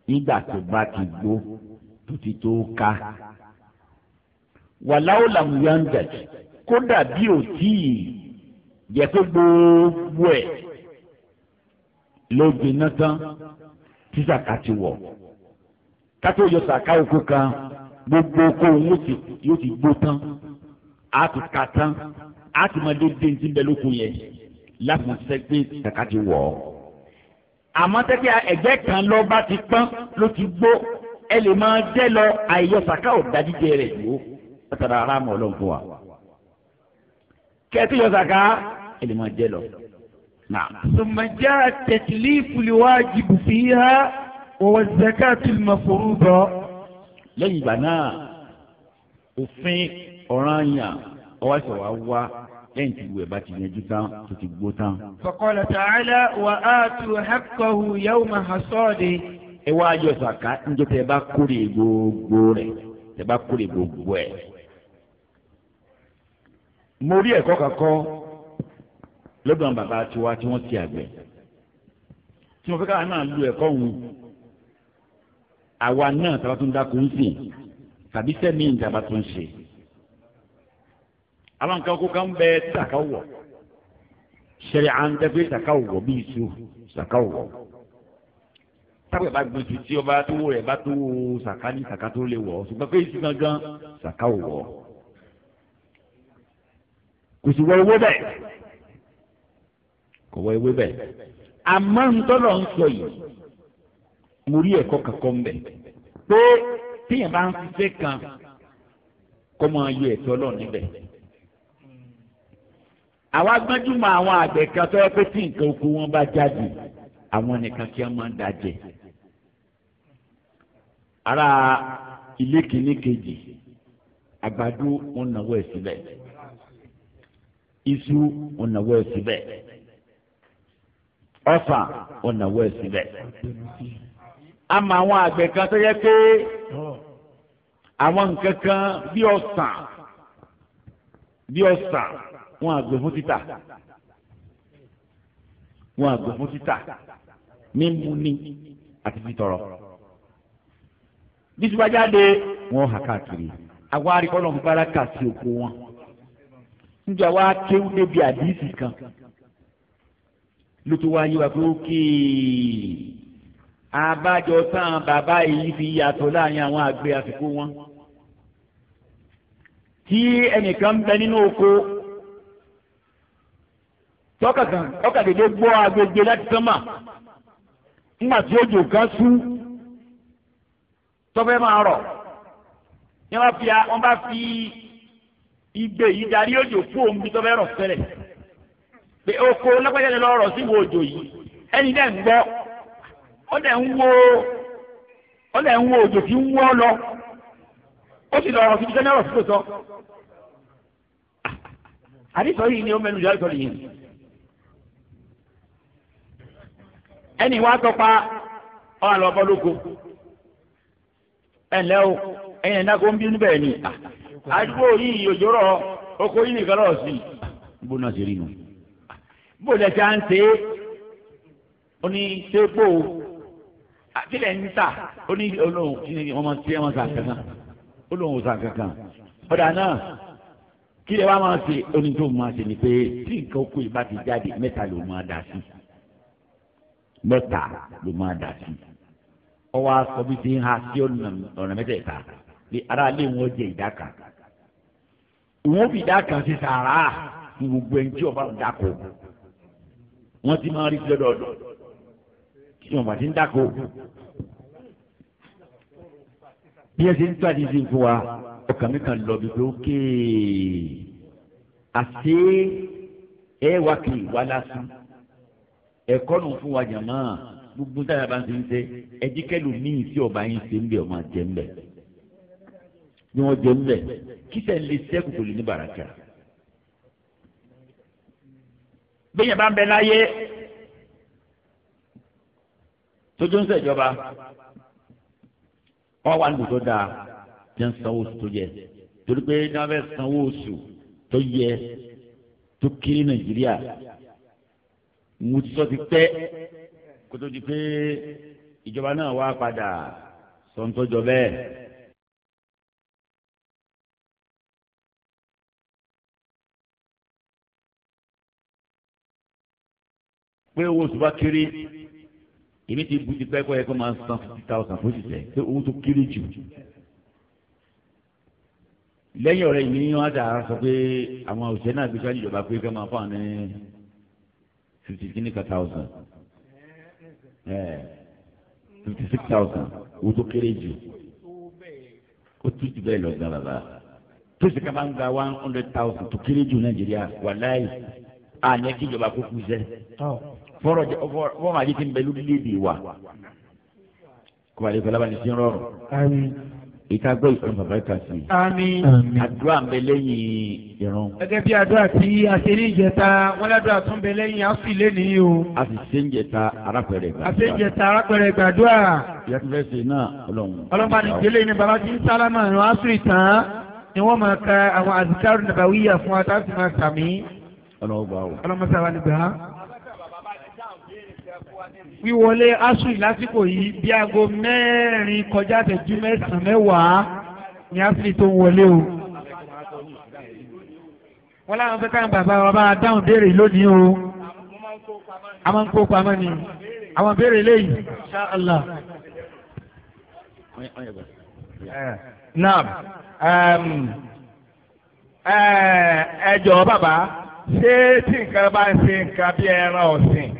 nígbà tó bá ti gbó tó ti tó ká wàláwò làwùyá ń dàjú kódà bí ò tí ì jẹ pé gbogbo ẹ ló gbiná tán tí sàkà ti wọ̀ kátó yọ sàkà òkú kan gbogbo oko òun yóò ti gbó tán á ti ka tán á ti máa dé dé ní ti bẹ lóko yẹn láti sẹ́ pé kàkà ti wọ̀ ọ́. àmọ́ tẹ́kẹ́ ẹ̀gbẹ́ kan lọ bá ti pọ́n ló ti gbó ẹ lè máa jẹ́ lọ àìyọ sàká ò dájíjẹ rẹ̀ yìí ó látara ara mọ̀ ọlọ́run fún wa. kẹ́ẹ̀tì yọ sàká ẹ lè máa jẹ́ lọ. sọmọjá tẹ̀sílì fúliwájú bùfíhá wọ́wọ́ zakatu mafurudọ. lẹ́yìn ìgbà náà òfin ọ̀ranyàn ọwọ́ ìṣòwò á wá lẹ́yìn tí ìwé bá ti yanjú tán tó ti gbó tán. Faqala ta'ala wa atu haqqahu yawma hasadi. ẹ wá yọ sàká níjọ́ tẹ́ bá kórè gbogbo rẹ̀ tẹ́ bá kórè gbogbo ẹ̀. mo rí ẹ̀kọ́ kankan lọ́dọ̀ bàbá tiwa tí wọ́n ti àgbẹ̀ tí wọ́n fẹ́ káwọn náà lu ẹ̀kọ́ òun àwa náà tàbá tó ń dákun sí tàbí sẹ́mi ìjàmbá tó ń ṣe àwọn nǹkan kó kan bẹ tàkà wọ̀ ṣẹlẹ̀ à ń tẹ́gbẹ́ tàkà wọ̀ bí iṣu tàkà wọ̀ tábìlì bá gbèsè tí ọba tó wọ rẹ̀ bá tó sàkà ní sàkà tó lè wọ̀ ṣùgbọ́n pé iṣu gangan sàkà wọ̀ kò sì wọ owó bẹ́ẹ̀ kò wọ ewé bẹ́ẹ̀ àmọ́ ntọ́lọ̀ ń sọ yìí mo rí ẹ̀kọ́ kankan ń bẹ̀ pé téèyàn bá ń ṣiṣẹ́ kan kọ́ máa yọ ẹ̀tọ́ lọ níbẹ̀ àwa gbẹ́júmọ̀ àwọn àgbẹ̀ kan tó yẹ pé tí nǹkan oko wọn bá jáde àwọn nìkan kí wọ́n máa ń dajẹ́ ara ilé kìíní kejì àgbàdo wọn nàwó ẹ̀ síbẹ̀ iṣu wọn nàwó ẹ̀ síbẹ̀ ọfà wọn nàwó ẹ̀ síbẹ̀ àmọ́ àwọn àgbẹ̀ kan tó yẹ pé àwọn nǹkan kan bí ọ̀sán bí ọ̀sán wọn àgbẹ̀ fún títà wọn àgbẹ̀ fún títà mímu ni àti títọrọ bí subajáde wọn hà káàkiri àwa arikọ́nà fúnpára kà sí oko wọn níjọ wa kéwú débi àdìsí kan ló ti wá yí wa pé ó kéè abájọ tán bàbá yìí fi yàtọ̀ láàrin àwọn àgbẹ̀ àsìkò wọn tí ẹnìkan ń bẹ nínú oko tọ́kàkàn tọ́kàdédé gbọ́ agbègbè láti sánmà ńgbà tí ó jò ká sú tọ́fẹ́ máa rọ̀ ní wọ́n fi wọ́n bá fi igbe yìí darí òjò kú bí tọ́fẹ́ rọ̀ fẹ́rẹ̀ pé oko rọ̀ sí òjò yìí ẹni dẹ̀ ń gbọ́ ó dẹ̀ ń wo ó dẹ̀ ń wo òjò lọ ó sì rọ̀ sí àdìsọ́ yìí ni ó mẹ́nu yìí. ẹni wàá tọpa ọ àlọ́ bọ́lógo ẹnlẹ́ o ẹ̀yin ẹ̀dá kó ń bí níbẹ̀ ni àdúgbò yìí òjòrò oko yìí nìkan lọ́ọ̀ sí i bó náà ṣe rí nu bó lẹ́sẹ̀ à ń ṣe é ó ní sépò àtìlẹ̀ ń tà ó ní olóhùn kí ni wọ́n máa ṣe wọ́n sàn kankan olóhùn sàn kankan ọ̀dà náà kí lè wá máa ṣe oní tó máa tí nǹkan kú yìí bá ti jáde mẹ́ta ló máa dà sí i mẹ́ta ló máa dà sí ọwọ́ aṣọ bí ti ń ha sí ọ̀nà mẹ́tẹ̀ẹ̀ta bí ara lé wọn jẹ ìdá kan wọn fi ìdá kan sí sàrà fún gbogbo ẹni tí ọba ń dáko wọn ti máa rí lọ́dọọdún tí wọn bá ti ń dáko bí ẹ ṣe ń tó àdìsí fún wa ọkàn mi kan lọ bíbí ókè àṣé ẹ wá kì wá lásán ẹ̀kọ́ nù fún wa jàmá gbogbo táyà bá ń ti ń ṣe ẹ̀díkẹ́lù míì tí ọba yín ṣe ń bẹ̀ ọmọ jẹ́ ń bẹ̀ ni wọ́n jẹ́ ń bẹ̀ kí sẹ́yìn lè ṣẹ́kù kò lè ní bàràkà. bẹ́yẹn bá ń bẹ láyé tójú ń ṣèjọba wọ́n wà níbi tó dáa jẹ́ ń sanwó oṣù tó yẹ torí pé ní wọ́n fẹ́ sanwó oṣù tó yẹ tó kiri Nàìjíríà mo ti sọ ti pẹ́ kó tó di pé ìjọba náà wá padà sọ ń tọ́jọ bẹ́ẹ̀. pé owó oṣù bá kéré èmi ti bu ti pẹ́ kọ́ yẹ kó máa san fifty thousand fún ìṣẹ̀ pé owó tó kéré jù. lẹ́yìn ọ̀rẹ́ yìí ni wọ́n á dà sọ pé àwọn òṣìṣẹ́ náà gbé sọ́ọ́ ìjọba pé kí wọ́n máa fọ́ àwọn ní fifty kìíní ka thousand fifty six thousand o tó kéré jù ó tún jù bẹ́ẹ̀ lọ gbàgbà tó sì ká máa ń gba one hundred thousand tó kéré jù nàìjíríà wàláyé àní kí ìjọba kúkú sẹ fọrọ fọmọ àdìsí ń bẹ lórílẹ̀-èdè wa kó àdìsí ọlọ́ba rọrùn ìka gbé ìfún bàbá ìka sí. àmín. àdúrà ń bẹ lẹ́yìn ìrun. gẹ́gẹ́ bí àdúrà tí a ìjẹta wọ́n ládùúrà tún bẹ lẹ́yìn a sì o. a sì ṣe ń jẹta arápẹ̀rẹ̀ gbàdúrà. a ṣe ń jẹta arápẹ̀rẹ̀ gbàdúrà. yàtúfẹ́ ṣe náà ọlọ́run. ọlọ́mọ àdìgbélé ni bàbá tí ń sálámà ìrun àṣírí tán ni wọ́n máa ka àwọn àzìkárù nàbàwíyà fún wa tá a sì máa sàmì. ọlọ́mọ wíwọlé asùn lásìkò yìí bí aago mẹ́rin kọjá tẹ̀jú mẹ́sàn-án mẹ́wàá ni asùn tó ń wọlé o. wọ́n láwọn fẹ́ káwọn bàbá wa bá dáhùn béèrè lónìí o a máa ń kó pamọ́ ni àwọn béèrè lẹ́yìn ṣáàlà. naam eh, ẹ jọ̀ọ́ bàbá ṣé tí nǹkan bá ń ṣe nǹkan bí ẹran ọ̀sìn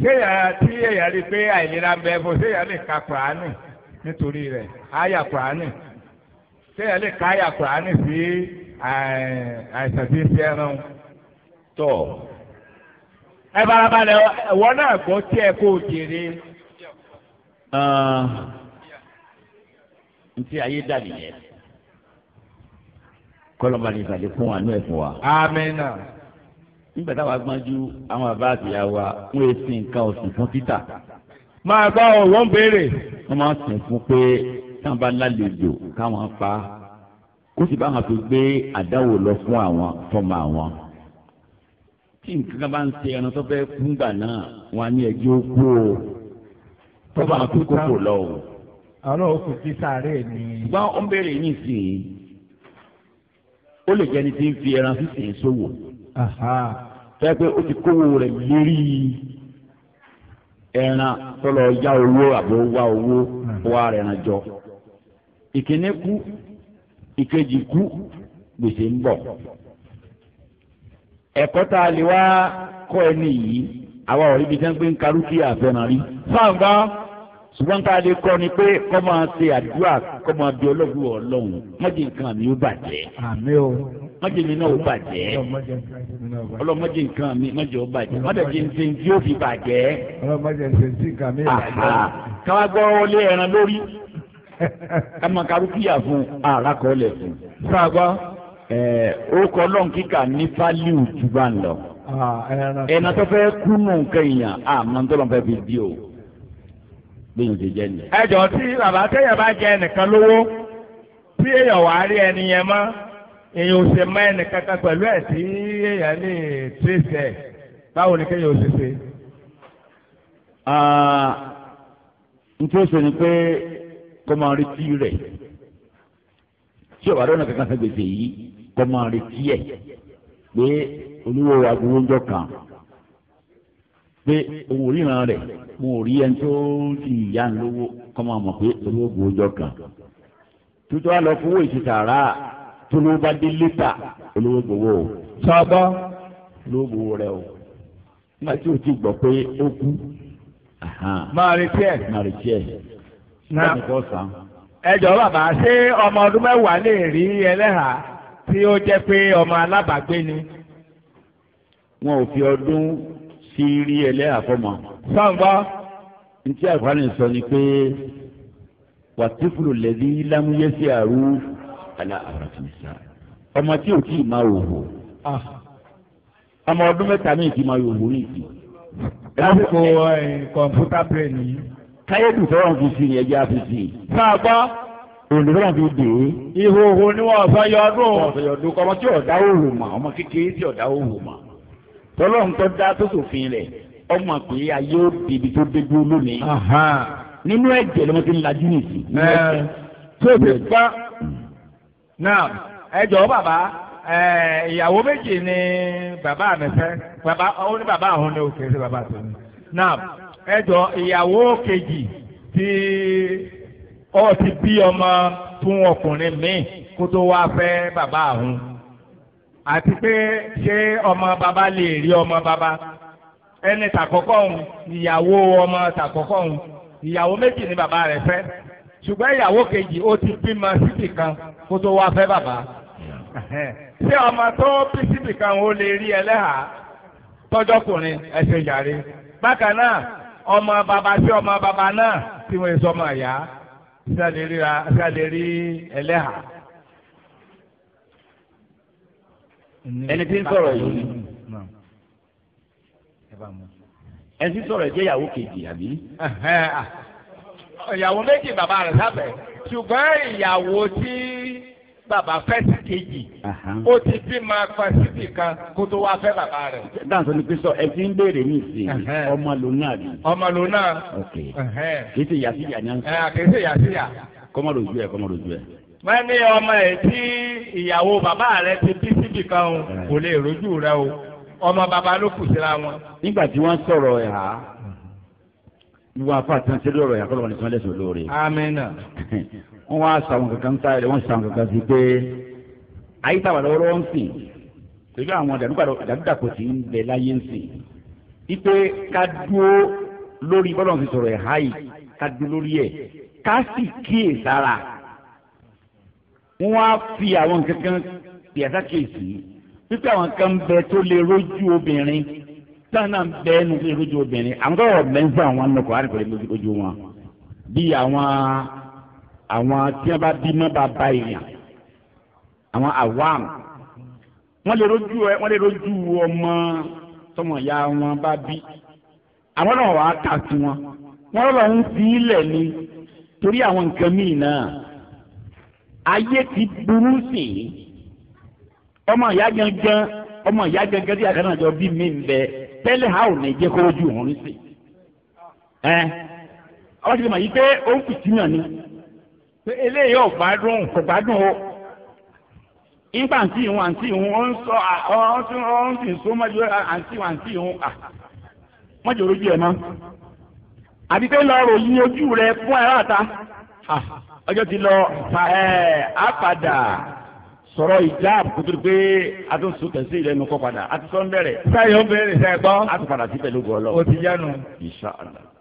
séyà tí èyà rí i pé àìlera ń bẹ fún séyà lè ka kùránì nítorí rẹ̀ àyà kùránì séyà lè ka àyà kùránì sí àìsàn tí ń fi ẹran tọ. ẹ farabalẹ̀ ẹ̀wọ́ náà gbọ́ tí ẹ kó jèrè. ntí ayé dà nìyẹn kọlọmọdé ìbàdí fún wa nú ẹ fún wa. amínà nígbà táwa gbọ́njú àwọn bàbá àtìyá wa wọ́n èsì nǹkan ọ̀sìn fún títà. máa bá ọ wọ́n béèrè. wọ́n máa ń sìn fún pé táwọn bá lálejò káwọn pa kó sì bá wọn fi gbé àdáwò lọ fún àwọn fọmọ àwọn. tí nǹkan bá ń ṣe ẹran tó fẹ́ fúngbà náà wọn á ní ẹjọ́ kú o tó bá wọn fi kókò lọ o. àwọn òkú tí sáré ni. ṣùgbọ́n ó ń béèrè nísìnyí ó lè jẹ́ni tí ń fi ẹran sísìn sówò. So fẹ́ pé ó ti kówó rẹ̀ lérí ẹran tó lọ yá owó àbí ó wá owó wá ẹran jọ ìkíní kú ìkejì kú gbèsè ń bọ̀ ẹ̀kọ́ tá a lè wá kọ́ ẹni yìí àwa ò rí ibi tí wọ́n gbé ń karúkí àfẹ́ràn rí. fáǹgá ṣùgbọ́n tá a lè kọ́ ni pé kọ́ máa ṣe àdúrà kọ́ máa bí ọlọ́gbọ̀n ọlọ́run mọ́jì mi ó bàjẹ́. àmín o májèmí náà ó bàjẹ́ ọlọ́mọdé nǹkan mi májè ó bàjẹ́ májèmí nǹkan tí ó fi bàjẹ́. ọlọ́mọdé nǹkan tí nǹkan mi bàjẹ́. káwá gbọ́ ọlé ẹran lórí ká máa karúkìyà fún ara kọ́ lẹ̀ fún. sábà orúkọ ọlọ́run kíkà ní fálíù jù bá ń lọ. ẹ̀nà tó fẹ́ kúnnù nǹkan èèyàn àmọ́ ń tọ́lọ́ fẹ́ fi bí o bí n ṣe jẹ́ nìyẹn. ẹ jọ tí bàbá téèyàn bá jẹ èyàn ò ṣe mọ́ ẹnì kankan pẹ̀lú ẹ̀ tí èyàn lè tírèsì ẹ̀ báwo ni kéèyàn ò ṣe ṣe. n tí ó ṣe ni pé kó máa retí rẹ̀ tí ò bá dọ́nà kankan fẹ́ gbèsè yìí kó máa retí ẹ̀ pé olúwo agbowó ń jọ kàn pé owó ríran rẹ̀ mo ò rí ẹni tó ti ìyá ń lówó kó máa mọ̀ pé olúwo agbowó ń jọ kàn. tuntun á lọ fowó ìṣe tó ló bá dé létà olówó gbowó o. sábà olówó gbowó rẹ o nígbà tí o ti gbọ́ pé ó kú. máa retí ẹ. máa retí ẹ. náà ẹ jọ̀ọ́ bàbá ṣé ọmọ ọdún mẹ́wàá lè rí ẹlẹ́hà tí ó jẹ́ pé ọmọ alábàágbé ni. wọn ò fi ọdún sí rí ẹlẹ́hà fọmọ. sọ̀ngbọ́. ntí àgbáni sọ ni pé wàtífù lẹ́bí lámúyẹ́sì àrùn aláàrọ̀ ti sá ọmọ tí ò tí ì máa wòwò ah, ọmọ ọdún mẹ́ta mi ti máa wòwò ní ìsìn. lásìkò kọ̀ǹpútà eh, brain yìí. káyọ̀dù tó wọ́n fi sí ni ẹja fi sí. sáàgbọ́. òǹdó náà fi dè é. ìhòòhò ni wọ́n sọ yọ ọdún. wọ́n sọ yọ ọdún kọ́ ọmọ tí ọ̀dá òwò mà ọmọ kékeré tí ọ̀dá òwò mà. tọ́lọ́run tó dá tó sòfin rẹ̀ ọmọ pé ayé ó eh, o ti pa náà ẹ baba, bàbá ìyàwó méjì ni baba mi fẹ́ bàbá ó ní bàbá òun ni ó kéré bàbá tó ní náà ẹ jọ̀ọ́ ìyàwó kejì tí ó ti bí ọmọ fún ọkùnrin míì kó tó wá fẹ́ bàbá òun àti pé ṣé ọmọ bàbá lè rí ọmọ bàbá ẹni tàkọ́kọ́ òun ìyàwó ọmọ tàkọ́kọ́ òun ìyàwó méjì ni baba rẹ̀ fẹ́ ṣùgbọ́n ìyàwó kejì ó ti bímọ síbì kan kó tó wá fẹ́ bàbá. ṣé ọmọ tó pcp kan ó lè rí tọ́jọ́kùnrin bákan náà ọmọ bàbá sí ọmọ bàbá náà tí wọ́n sọ ọmọ ẹ̀yà rí ẹni tí ń sọ̀rọ̀ yìí ẹni tí ń sọ̀rọ̀ yìí jẹ́ ìyàwó kejì àbí ìyàwó méjì bàbá rẹ̀ sábẹ̀ ṣùgbọ́n ìyàwó tí bàbá fẹ́ sí kejì ó ti bí máa pa síbì kan kó tó wá fẹ́ bàbá rẹ̀. dáǹsọ ni písọ ẹ ti ń béèrè ní ìsìn ọmọ lòun náà ni. ọmọ lòun náà. ok kì í ṣe yàtìyà ni. kì í ṣe yàtìyà. kọ́mọ lójú ẹ kọ́mọ lójú ẹ. wọ́n ní ọmọ ẹ̀ tí ìyàwó bàbá rẹ̀ ti bí síbì kan o kò lè rojú rẹ o ọmọ bàbá ló kù síra wọn. nígbà tí wọ́n sọ̀rọ̀ ẹ̀ ha ìwà àfàtàn sílẹ̀ ọ̀rọ̀ wọ́n wá sàwọn kankan sáré wọ́n sàwọn kankan sí pé àyíká wà lọ́wọ́lọ́wọ́ ń sìn torí àwọn àdàdúdàpọ̀ tí ń bẹ láyé ń sìn wípé ká dúró lórí bọ́lọ̀ fi sọ̀rọ̀ ẹ̀ háì ká dúró lórí ẹ̀ ká sì kíyè sára wọ́n á fi àwọn kankan pìàtà kéèsì wípé àwọn kan ń bẹ tó lè rójú obìnrin táwọn náà ń bẹ ẹnu tó lè rójú obìnrin àwọn tó wọ̀ mẹ́ńsà wọn lọkọ̀ àdìpọ̀ àwọn tí wọ́n bá bí mọ́ bàbá èèyàn àwọn awam wọ́n lè rojú ẹ wọ́n lè rojú ọmọ tọmọ ìyá wọn bá bí àwọn náà wàá kà sí wọn wọ́n lọ ń fi ilẹ̀ ni torí àwọn nǹkan míì náà ayé ti burú sí i ọmọ ìyá gangan ọmọ ìyá gangan tí àkànnà jọ bí mi bẹ tẹ́lẹ̀ ha ò ní jẹ́ kó ojú òun sí ẹ ọwọ́ ti lè mọ̀ yí pé ó ń fìtínà ni pé eléyìí ò gbádùn kò gbádùn o nígbà àǹtí ìhun àǹtí ìhun ó ń sọ ó ń sì ń so mọ́jú àǹtí ìhun àǹtí ìhun mọ́jú ojú ẹ̀ mọ́ àbí pé lọ ròyìn ojú rẹ fún ẹ̀ ráta ọjọ́ ti lọ àpàdà sọ̀rọ̀ ìjáàbù kúndùrú pé a tún sùn tẹ̀sí ìlẹ́nu kọ́ padà a ti sọ ń bẹ̀rẹ̀. sáyọ̀ ń bẹ̀rẹ̀ sẹ́gbọ́n. a tún padà sí pẹ̀lú gọ́ọ̀lọ́. o ti yánu. Insha Allah.